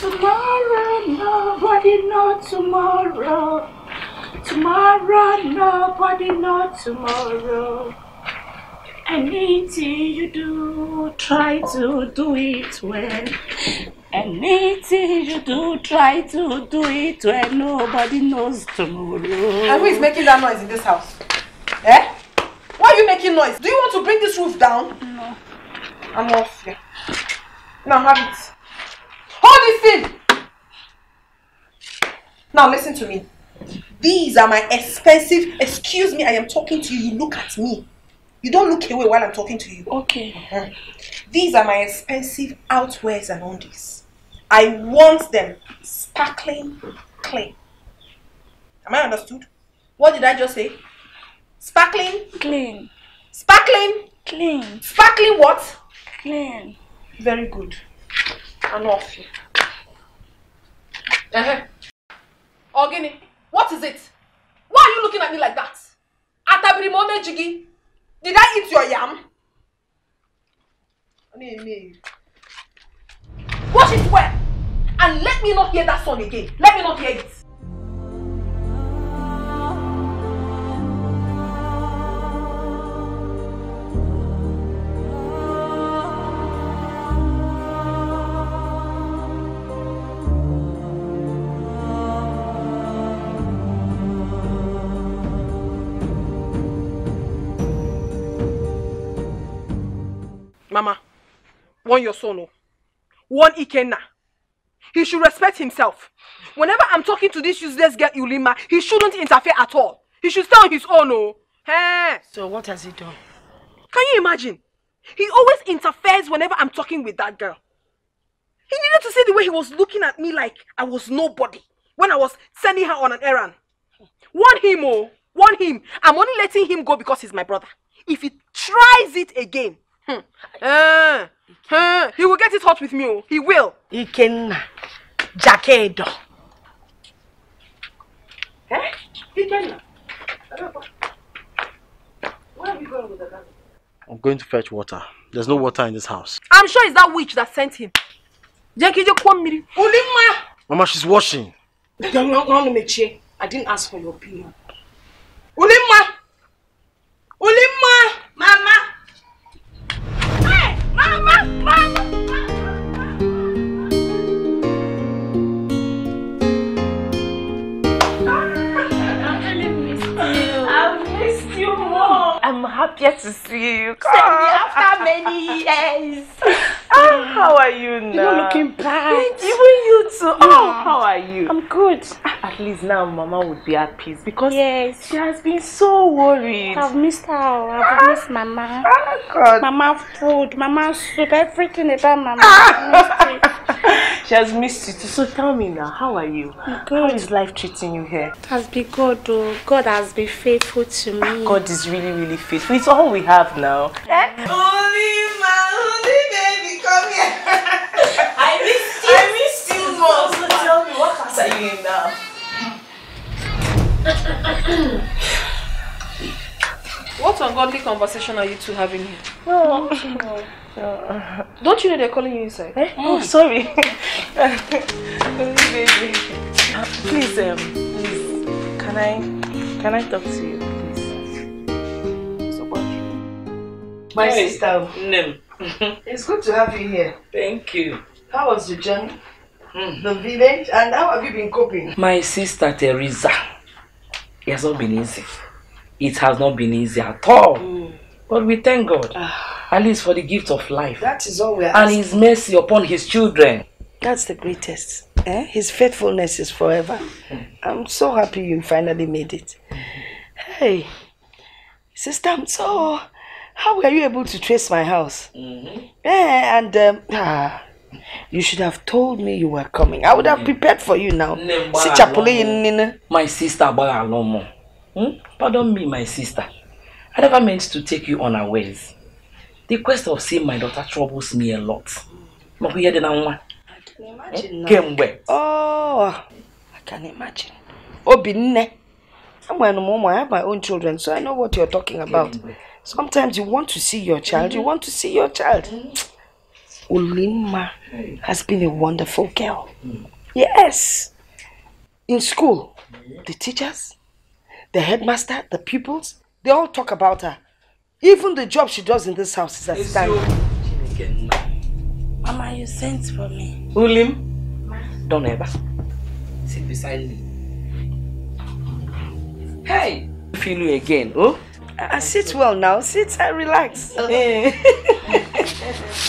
Tomorrow, nobody know tomorrow. Tomorrow, nobody know tomorrow. Anything you do, try to do it well. Anything you do, try to do it when nobody knows tomorrow. And who is making that noise in this house? Eh? Why are you making noise? Do you want to bring this roof down? No. I'm off here. Now have it. Hold this in! Now listen to me. These are my expensive... Excuse me, I am talking to you. You look at me. You don't look away while I'm talking to you. Okay. Uh -huh. These are my expensive outwears and undies. I want them sparkling clean. Am I understood? What did I just say? Sparkling? Clean. Sparkling? Clean. Sparkling what? Clean. Very good. And off you. Uh-huh. Ogini, what is it? Why are you looking at me like that? Atabirimome Jigi, did I eat your yam? What is where? And let me not hear that song again. Let me not hear it. Mama, warn your son. Oh. Warn Ikenna. He should respect himself. Whenever I'm talking to this useless girl, Ulima, he shouldn't interfere at all. He should stay on his own, oh. Hey. So what has he done? Can you imagine? He always interferes whenever I'm talking with that girl. He needed to see the way he was looking at me like I was nobody when I was sending her on an errand. Warn him, oh. Warn him. I'm only letting him go because he's my brother. If he tries it again, hmm. uh, uh, he will get it hot with me. Oh. He will. Ikenna. Jakedo. Eh? can. Where are you going with the gun? I'm going to fetch water. There's no water in this house. I'm sure it's that witch that sent him. Mama, she's washing. I didn't ask for your opinion. Olima. Olima. Mama! 妈妈。I'm happier to see you. [LAUGHS] me after many years. ah, how are you now? You're looking bright. [LAUGHS] Even you too. Ah, yeah. Oh, how are you? I'm good. At least now Mama would be at peace because yes. she has been so worried. I've missed her. I've ah. missed Mama. Oh God. Mama food, Mama soup, everything about Mama. [LAUGHS] she has missed you too. So tell me now, how are you? I'm good. How is life treating you here? It has been good. Oh. God has been faithful to me. God is really, really faithful. It's all we have now. Only my only baby, come here. [LAUGHS] I miss you. I miss you more. So tell me, what class are you in now? what ungodly conversation are you two having here? Oh, no. Uh, Don't you know they're calling you inside? Eh? Oh, mm. sorry. [LAUGHS] baby. Please, um, please, can I, can I talk to you? My hey, sister. No. [LAUGHS] it's good to have you here. Thank you. How was your journey? Mm. The village? And how have you been coping? My sister Teresa. It has not been easy. It has not been easy at all. Mm. But we thank God. Ah. at least for the gift of life. That is all we are And his mercy upon his children. That's the greatest. Eh? His faithfulness is forever. Mm. I'm so happy you finally made it. Hmm. Hey, sister, I'm so... How were you able to trace my house? Mm -hmm. and um, ah, you should have told me you were coming. I would have mm. prepared for you now. My sister, hmm? pardon me, my sister. I never meant to take you unawares. The quest of seeing my daughter troubles me a lot. I can imagine. Hmm? Now. Oh, I can imagine. Obinne. I'm I have my own children, so I know what you're talking about. Sometimes you want to see your child, you mm-hmm. want to see your child. Ulima mm-hmm. has been a wonderful girl. Mm. Yes. In school, the teachers, the headmaster, the pupils, they all talk about her. Even the job she does in this house is a stand. Mama, you sent for me. Ulim, Ma. don't ever sit beside me. Hey, feel you again, oh? I, ah, I sit well now. Sit and relax. Hey. [LAUGHS]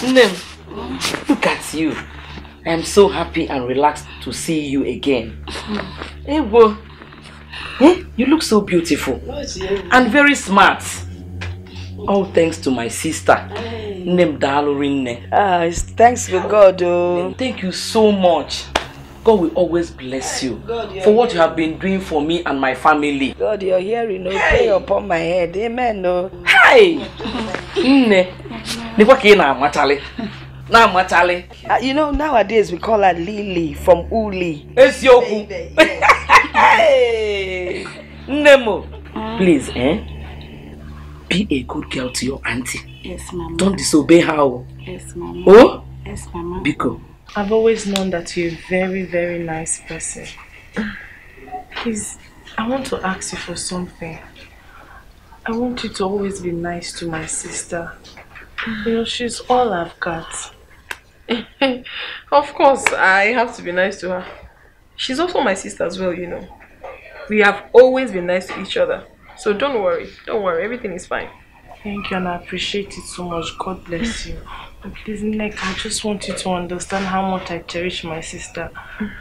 look at you. I am so happy and relaxed to see you again. hey, hmm. eh, well, eh, hey, you look so beautiful and very smart. All thanks to my sister, named Dalurinne. Ah, it's thanks for God. Oh. Thank you so much. God will always bless you God, for what you have been doing for me and my family. God, you're hearing, no hey. pay upon my head. Amen. No. Hi! Nne, Nikwa ke na matali. Na matali. Ah, you know, nowadays we call her Lily from Uli. Esioku. Hey! Nemo. Mm. Please, eh? Be a good girl to your auntie. Yes, mama. Don't disobey her. Yes, mama. Oh? Yes, mama. Because I've always known that you're a very, very nice person. Please, I want to ask you for something. I want you to always be nice to my sister. You know, she's all I've got. [LAUGHS] of course, I have to be nice to her. She's also my sister as well, you know. We have always been nice to each other. So don't worry. Don't worry. Everything is fine. Thank you and I appreciate it so much. God bless you. Please, Nick, I just want you to understand how much I cherish my sister.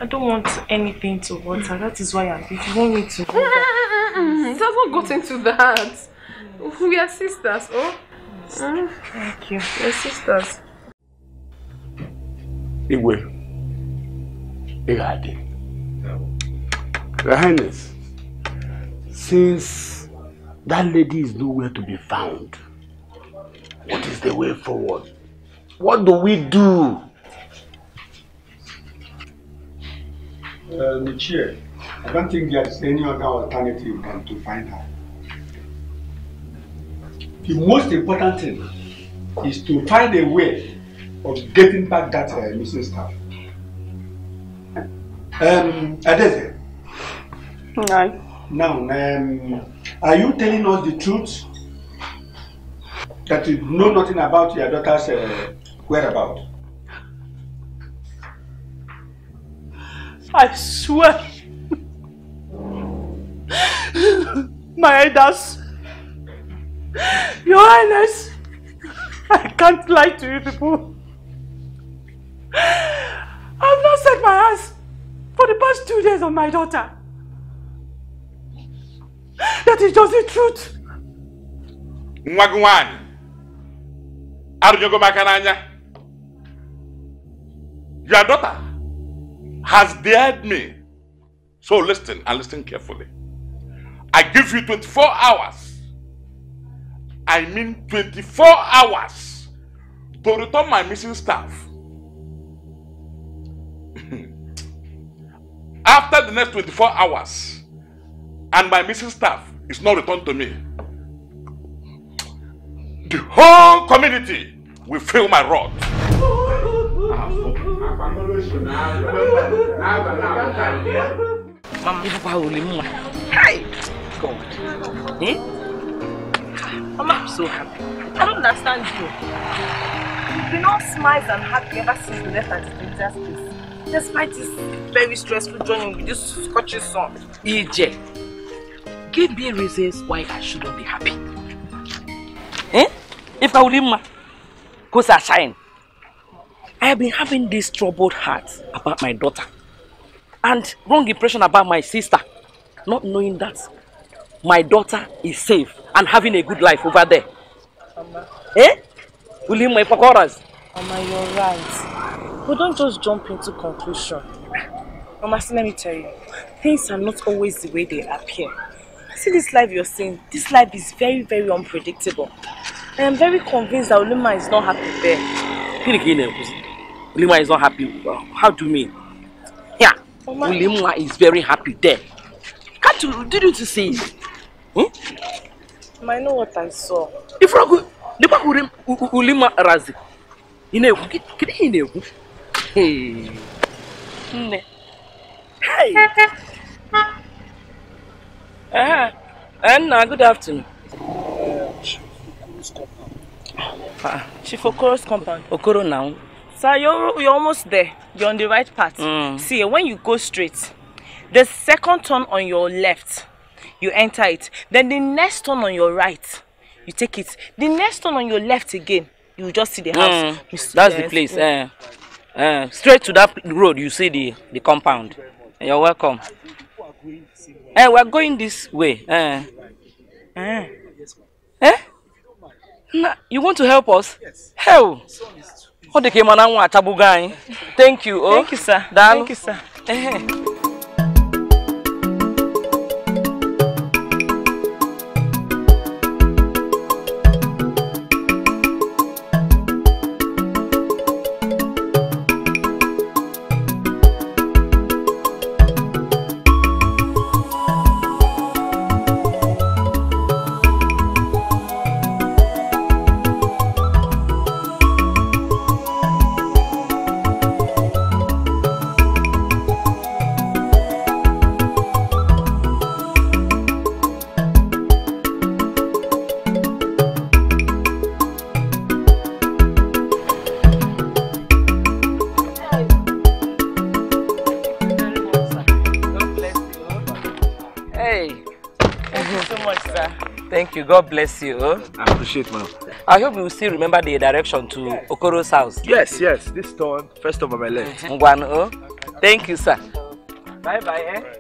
I don't want anything to hurt her. That is why I'm, if you want me to know it [LAUGHS] hasn't got into that. We are sisters, oh? Thank you. We are sisters. Igwe. Igadi. Your Highness, since that lady is nowhere to be found, what is the way forward? What do we do? Uh, Michie, I don't think there's any other alternative than to find her. The most important thing is to find a way of getting back that uh, missing staff. Um, Adese. No. Now, um, are you telling us the truth that you know nothing about your daughter's uh, whereabouts? I swear. My elders, Your Highness, I can't lie to you people. I've not set my eyes for the past two days on my daughter. That is just the truth. Mwagwan arụnyego m your daughter has dared me so listen and listen carefully i give you 24 hours i mean 24 hours to return my missing staff [LAUGHS] after the next 24 hours and my missing staff is not returned to me the whole community will feel my rod. Mama, Hi, God. Eh? Mama, I'm so happy. I don't understand you. You've been all smiles and happy ever since we left at the place. Despite this very stressful journey with this Scottish sun. EJ, give me reasons why I shouldn't be happy. Eh? If Kaulima goes ashine, I have been having this troubled heart about my daughter and wrong impression about my sister, not knowing that my daughter is safe and having a good life over there. Mama. Eh? my Ipakoras. Mama, you're right. But don't just jump into conclusion. Mama, see, let me tell you, things are not always the way they appear. See this life you're seeing, this life is very, very unpredictable. I am very convinced that Ulima is not happy there. Kirikine, Ulima is not happy. How do you mean? Yeah, Mama. Ulima is very happy there. Can't you, did you see? Hmm? I know what I saw. If I go, Nipa Ulima Razi. Inekwu, kiri inekwu. Hey. Nne. Hey. [LAUGHS] Uh-huh. And uh, good afternoon. Okoro's compound. Ah. Chief Okoro's compound. Okoro now. Sir, you're, you're almost there. You're on the right path. Mm. See, when you go straight, the second turn on your left, you enter it. Then the next turn on your right, you take it. The next turn on your left again, you just see the house. Mm. That's the, place. Yeah. Uh, eh, uh, straight to that road, you see the, the compound. You're welcome. Eh, uh, we're going this way. Uh. Uh. Eh? eh. eh? Na, you want to help us? Yes. Help. Ọ dị ka ị ma na nwa Thank you. Oh. Thank you, sir. Thank you, sir. God bless you. I appreciate, ma'am. I hope you will still remember the direction to Okoro's house. Yes, yes. This turn, first turn on my left. Ngwano. Thank you, sir. Bye bye, eh?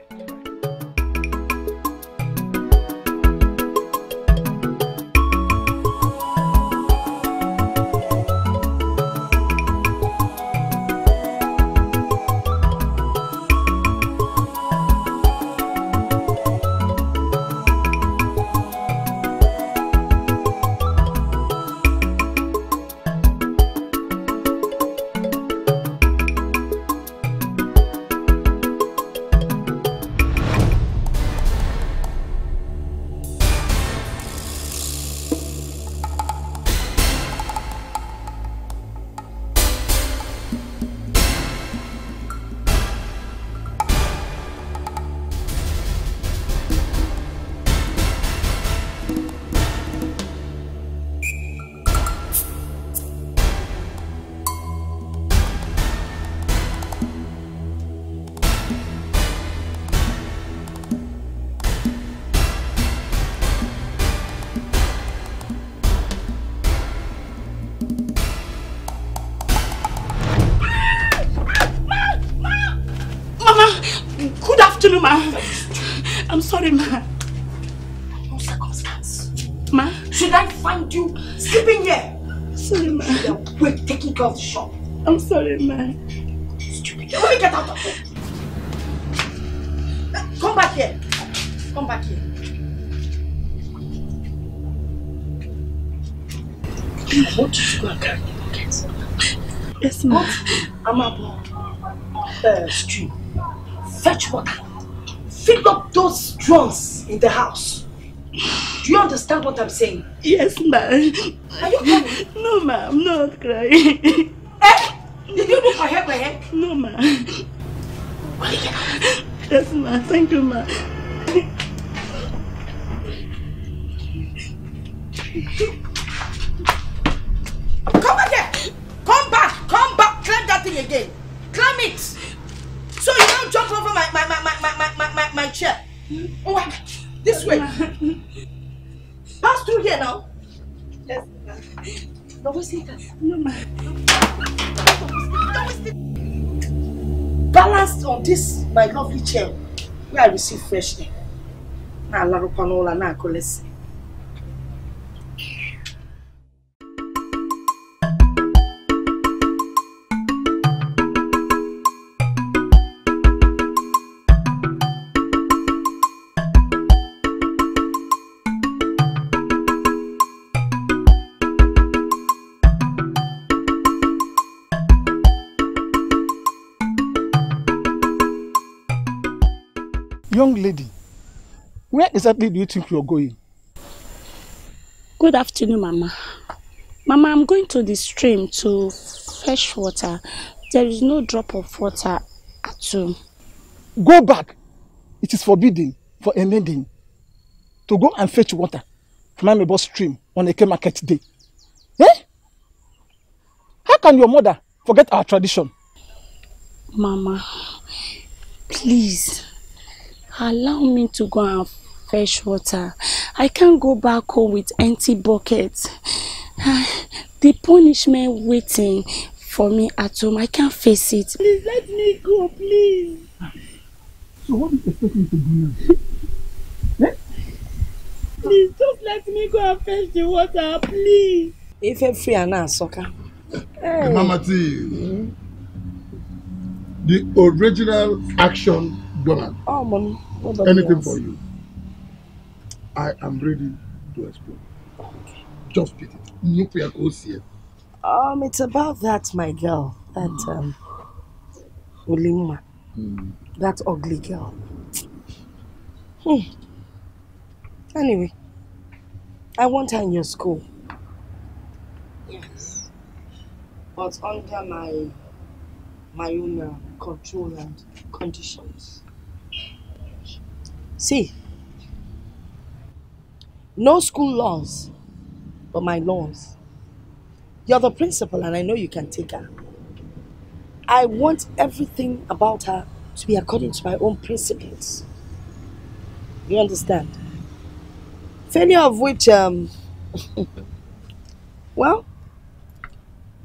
Yes, ma'am. am uh, stream. Fetch water. Fill up those drums in the house. Do you understand what I'm saying? Yes, ma'am. Are you crying? No, ma'am. I'm not crying. Eh? Did you do for help, my No, ma'am. Yes, ma'am. Thank you, ma'am. nothing again. Climb it. So you don't jump over my my my my my my my, my chair. Oh, this way. Pass through here now. Yes. Don't waste it. No, ma. Don't waste it. Balanced on this, my lovely chair, where I receive fresh air. Now, all and now, Colessi. Young lady, where exactly do you think you're going? Good afternoon, Mama. Mama, I'm going to the stream to fetch water. There is no drop of water at all. Go back. It is forbidden for a maiden to go and fetch water from Amebo stream on a market day. Eh? How can your mother forget our tradition? Mama, please. Allow me to go and fetch water. I can't go back home with empty buckets. [SIGHS] The punishment waiting for me at home, I can't face it. Please let me go, please. So what do you expect me to do now? [LAUGHS] eh? Please just let me go and fetch the water, please. Ife free and now, soccer. Hey. Mama T, mm-hmm. the original action woman. Oh, mommy. anything else. for you, I am ready to explore. it. Just pity. Nuclear goes here. Um, it's about that, my girl. That, hmm. um, Ulima. Mm. That ugly girl. Hmm. Anyway, I want her in your school. Yes. But under my my own uh, control and conditions. See, no school laws, but my laws. You're the principal, and I know you can take her. I want everything about her to be according to my own principles. You understand? Failure of which, um, [LAUGHS] well,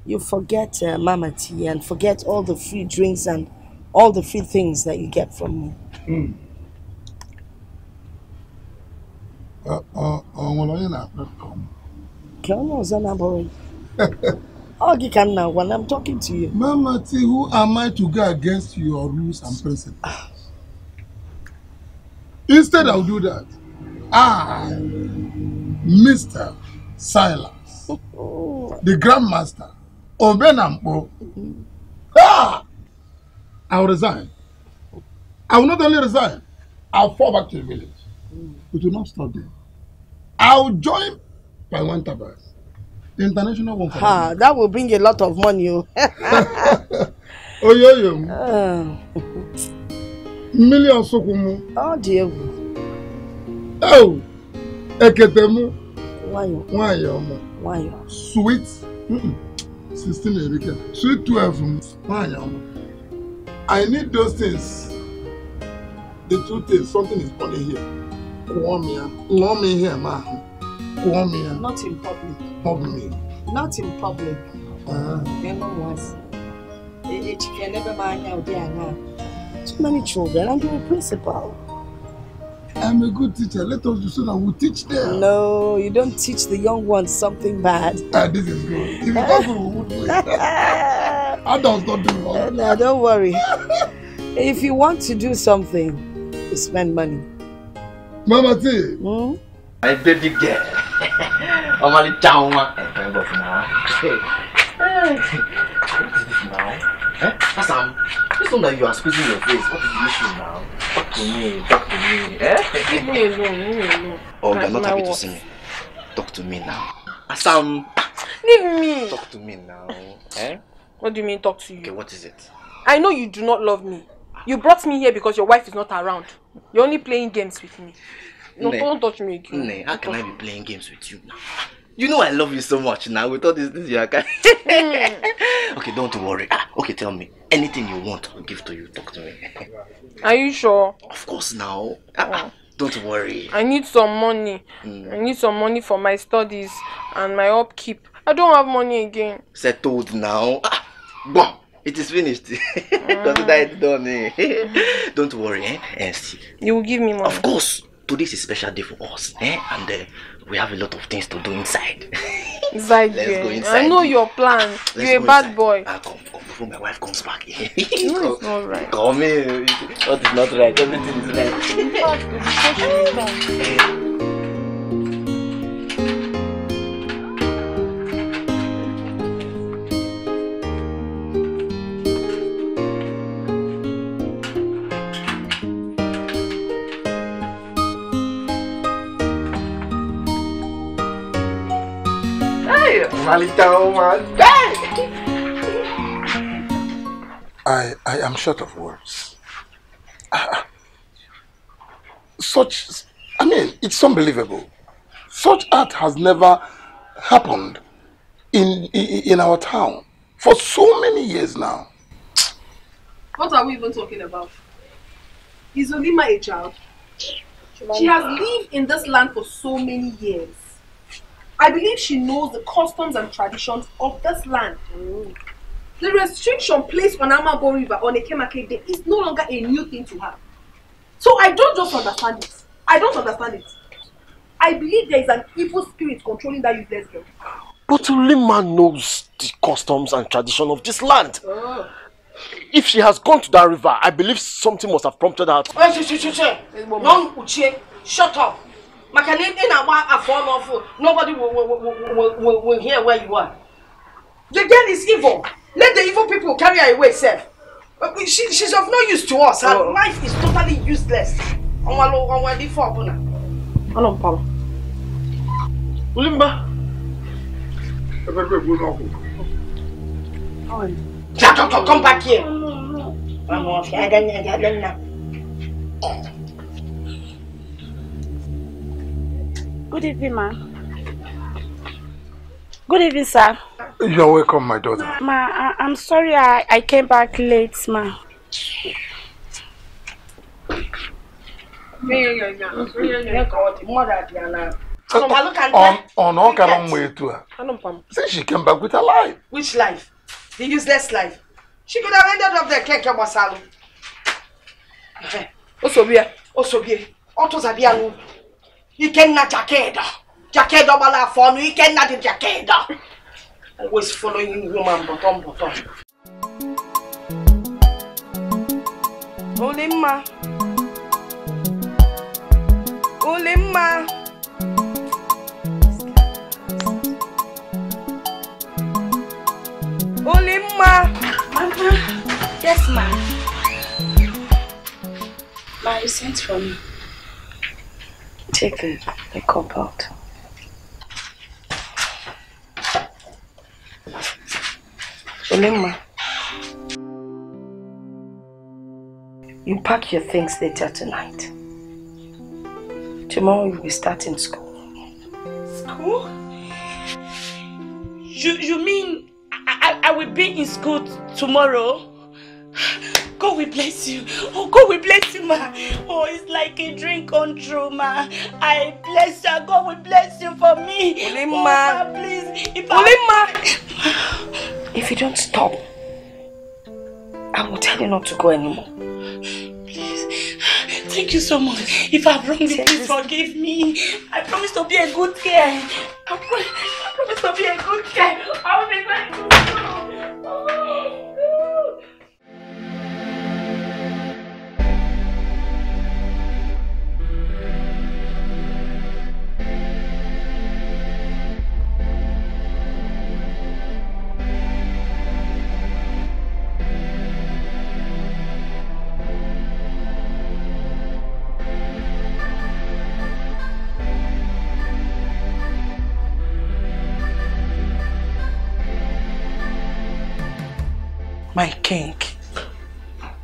you forget uh, Mama T and forget all the free drinks and all the free things that you get from me. Mm. ọ nwere onye na-akpọ m nke onye ọzọ na-abụghị ọ gị ka m na-agwa na m talking to you mama ti who am I to go against your rules and principles instead I'll do that I Mr. Silence the grandmaster obenamkpo ah! I'll resign I will not only resign I'll fall back to the village it will not stop there I'll join by one tabas. The international one. Ha, that will bring a lot of money. Oh, yeah, yeah. Uh. Million sokumu. Oh, dear. Oh, eketemu. Wayo. Why? ọmọ. Why? Sweet. Mm -mm. 16 Erika. Sweet 12. Why? ọmọ. I need those things. The two things, something is burning here. kụọ m ya here, m ihe a ahụ public. Public. not in public uh-huh. mind not in now. too many children and you're a principal I'm a good teacher. Let us do so that we teach them. No, you don't teach the young ones something bad. Ah, this is good. If it's not we won't do it. [LAUGHS] Adults don't do wrong. No, don't worry. if you want to do something, you spend money. Mama T. Hmm? My baby girl. I'm [LAUGHS] lè ta wọn wá. ẹ fẹ́ bọ̀ What is this now? Eh? Asam, this one that you are squeezing your face, what is the issue now? Talk to me, talk to me. Eh? Leave me alone, leave me alone. Oh, you're not happy to see me. Talk to me now. Asam. Ah, leave me. Talk to me now. Eh? What do you mean talk to you? Okay, what is it? I know you do not love me. You brought me here because your wife is not around. You're only playing games with me. No, ne. don't touch me again. Ne, how can I be playing games with you now? You know I love you so much now. With all this, things you are Okay, don't worry. Ah, okay, tell me anything you want. I'll give to you. Talk to me. [LAUGHS] Are you sure? Of course now. Ah, oh. ah, don't worry. I need some money. Mm. I need some money for my studies and my upkeep. I don't have money again. Settled now. Ah, It is finished. Mm. Consider it done. Eh? [LAUGHS] Don't worry. Eh? And see. You will give me money. Of course. Today is a special day for us. Eh? And uh, we have a lot of things to do inside. Inside [LAUGHS] Let's go inside. I know your plan. Let's You're a bad inside. boy. Ah, come, come before my wife comes back. Eh. [LAUGHS] no, it's not right. Come here. What is not right? Everything is right. Eh. malita woman. I, I am short of words. Uh, such, I mean, it's unbelievable. Such art has never happened in, in, our town for so many years now. What are we even talking about? Is Olima a child? She has lived in this land for so many years. I believe she knows the customs and traditions of this land. Mm. The restriction placed on Amabo River on Ekemake Day is no longer a new thing to her. So I don't just understand it. I don't understand it. I believe there is an evil spirit controlling that useless girl. But man knows the customs and tradition of this land. Oh. If she has gone to that river, I believe something must have prompted her. To... Hey, she, she, she, she. Shut up! maka na ị na-agba afọ n'ọfụ nobody will, will, will, will, will hear where you are the girl is evil let the evil people carry her away sef uh, uh, she, she's of no use to us her oh. life is totally useless ọnwale ọnwale ife ọbụla ọnụ mpala ulimba ebebe egbu n'ọgwụ Come back here. Come on, I don't know. Good evening, ma. Good evening, sir. You're welcome, my daughter. Ma, I I'm sorry I, I came back late, ma. On to her. Say she came back with her life. Which life? The useless life. She could have ended up there, Keke Masalo. Osobia, Osobia, Otozabialu. You cannot Ikenna Jakedo. Jakedo Balafonu. Ikenna the Jakedo. Always following woman, bottom, bottom. Olimma. Olimma. Olimma. Mama. Yes, ma. Ma, you sent for me. Take the, the cup out. Olema, you pack your things later tonight. Tomorrow you'll be starting school. School? You, you mean I, I, I will be in school tomorrow? God will bless you. Oh, God will bless you, ma. Oh, it's like a drink on true, ma. I bless you. God will bless you for me. Ulima. Oh, ma, please. If I... If you don't stop, I will tell you not to go anymore. Please. Thank you so much. If I've wronged you, please forgive me. I promise to be a good care. I, I promise to be a good care. I will be very good. Oh. My king,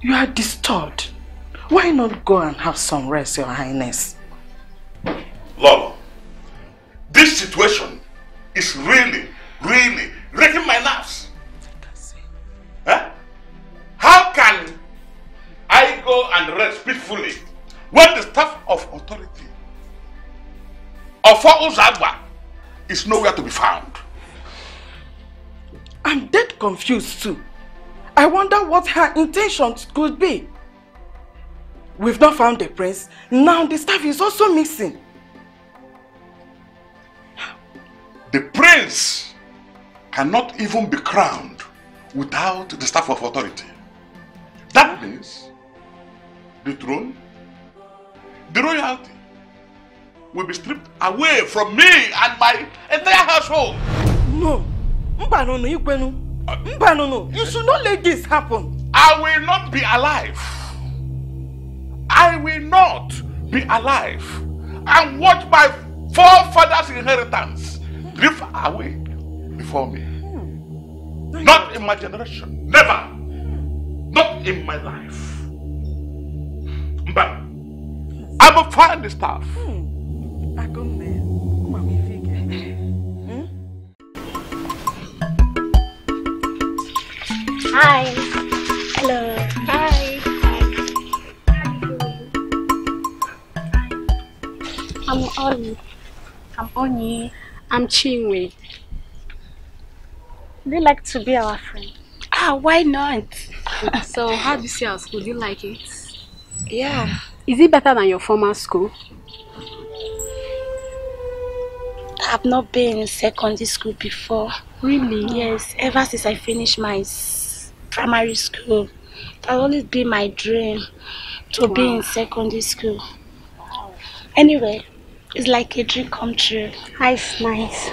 you are disturbed. Why not go and have some rest, your highness? Lolo, this situation is really, really wrecking my nerves. Huh? How can I go and rest peacefully when the staff of authority of Uzagwa is nowhere to be found? I'm dead confused too. I wonder what her intentions could be. We've not found the prince. Now the staff is also missing. The prince cannot even be crowned without the staff of authority. That means the throne, the royalty, will be stripped away from me and my entire household. No. Mbanono Ikwenu. No, no! you should not let this happen. I will not be alive. I will not be alive and watch my forefathers' inheritance drift away before me. Hmm. Not in my generation. Never. Not in my life. But I'm a fine staff. Hmm. Hi. Hello. Hi. I'm Oni. I'm Oni. I'm Chinwe. Would you like to be our friend? Ah, why not? [LAUGHS] so, how do you see our school? Do you like it? Yeah. Is it better than your former school? I've not been in secondary school before. Really? Yes, ever since I finished my primary school. That always be my dream to wow. be in secondary school. Anyway, it's like a dream come true. Nice, nice.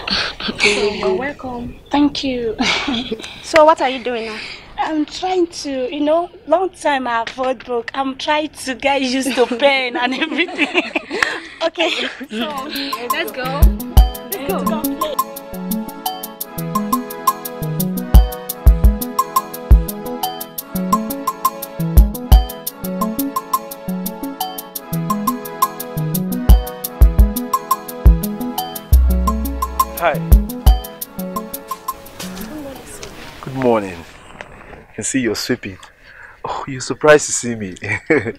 [LAUGHS] You're welcome. Thank you. [LAUGHS] so what are you doing now? I'm trying to, you know, long time I have avoid book. I'm trying to get used to pen and everything. [LAUGHS] okay. So let's go. Let's go. Hi. Good morning, I can see you're sweeping. Oh, you're surprised to see me.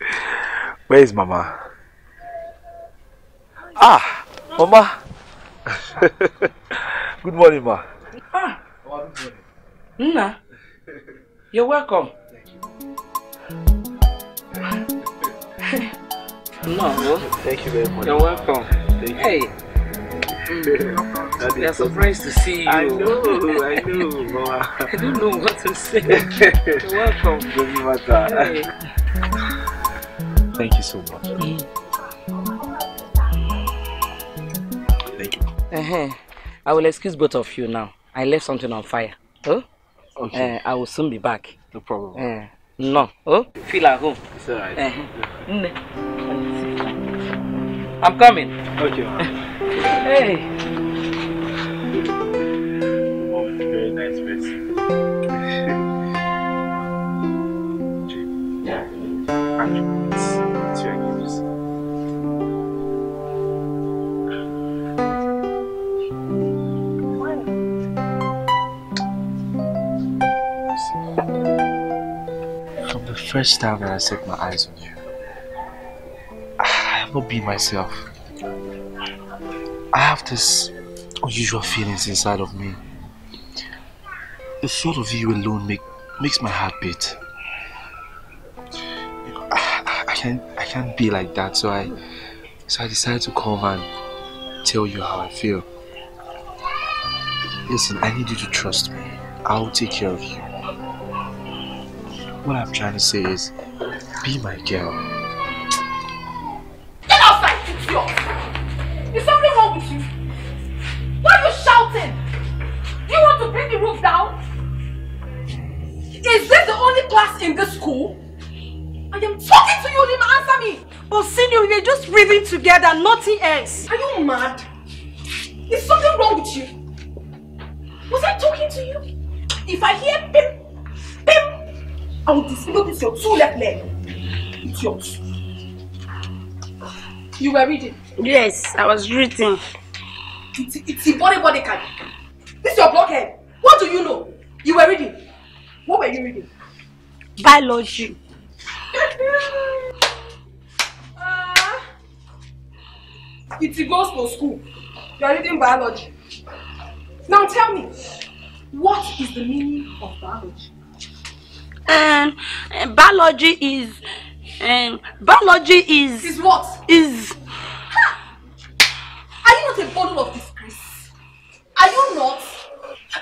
[LAUGHS] Where is Mama? Ah, Mama. [LAUGHS] good morning, Ma. Ah. Oh, good morning. Nna, you're welcome. Thank you. [LAUGHS] Thank you very much. You're welcome. Thank you. Hey. They are surprised to see you. I know, I know. [LAUGHS] I don't know what to say. [LAUGHS] welcome. Doesn't matter. Hey. Thank you so much. Mm. Thank you. Uh -huh. I will excuse both of you now. I left something on fire. Oh? Okay. Uh, I will soon be back. No problem. Uh, no. Oh? Feel at home. It's alright. Uh -huh. Mm-hmm. I'm coming. Okay. Hey. Oh, very nice face. yeah. your From the first time that I set my eyes on you, I have not been myself. I have this unusual feelings inside of me. The thought of you alone make, makes my heart beat. I, I, can't I can't be like that, so I so I decided to come and tell you how I feel. Listen, I need you to trust me. I'll take care of you. What I'm trying to say is, be my girl. Is this the only class in this school? I am talking to you, Lima, answer me! But senior, we are just breathing together, nothing else. Are you mad? Is something wrong with you? Was I talking to you? If I hear pim, pim, I will disable this your two left leg. yours. You were reading? Yes, I was reading. It's, it's body body card. This is your blockhead. What do you know? You were reading. What were you reading? Biology. uh, it goes to school. You are reading biology. Now tell me, what is the meaning of biology? Um, biology is um, biology is is what is. Ha! Are you not a bundle of disgrace? Are you not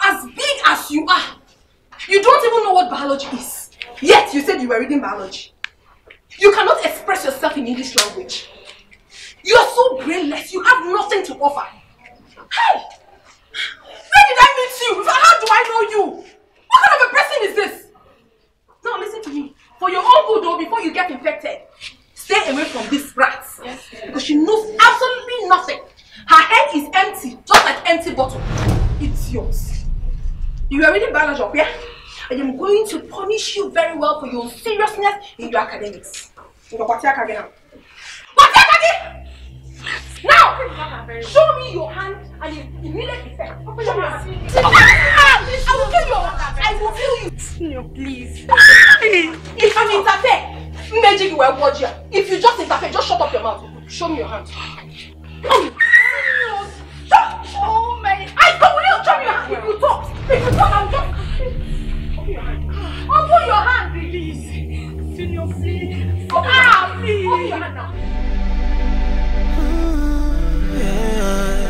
as big as you are? You don't even know what biology is. Yet you said you were reading biology. You cannot express yourself in English language. You are so brainless. You have nothing to offer. Hey! Where did I meet you? How do I know you? What kind of a person is this? Now listen to me. For your own good though, before you get infected, stay away from this rat. Yes, because she knows absolutely nothing. Her head is empty, just like empty bottle. It's yours. You are reading biology up, yeah? I'm going to punish you very well for your seriousness in your academics. Now, show me your hand and it immediate effect. Open your hand. Ah! I will kill you. I will kill you. No, please. if I interfere, magic will watch you. If you just interfere, just shut up your mouth. Show me your hand. Ah! Oh my! I will show you your hand. If you talk, if you talk, I'm just. Open your hand, please. Senior, please. Open ah, please. Open your hand now. Ah, yeah.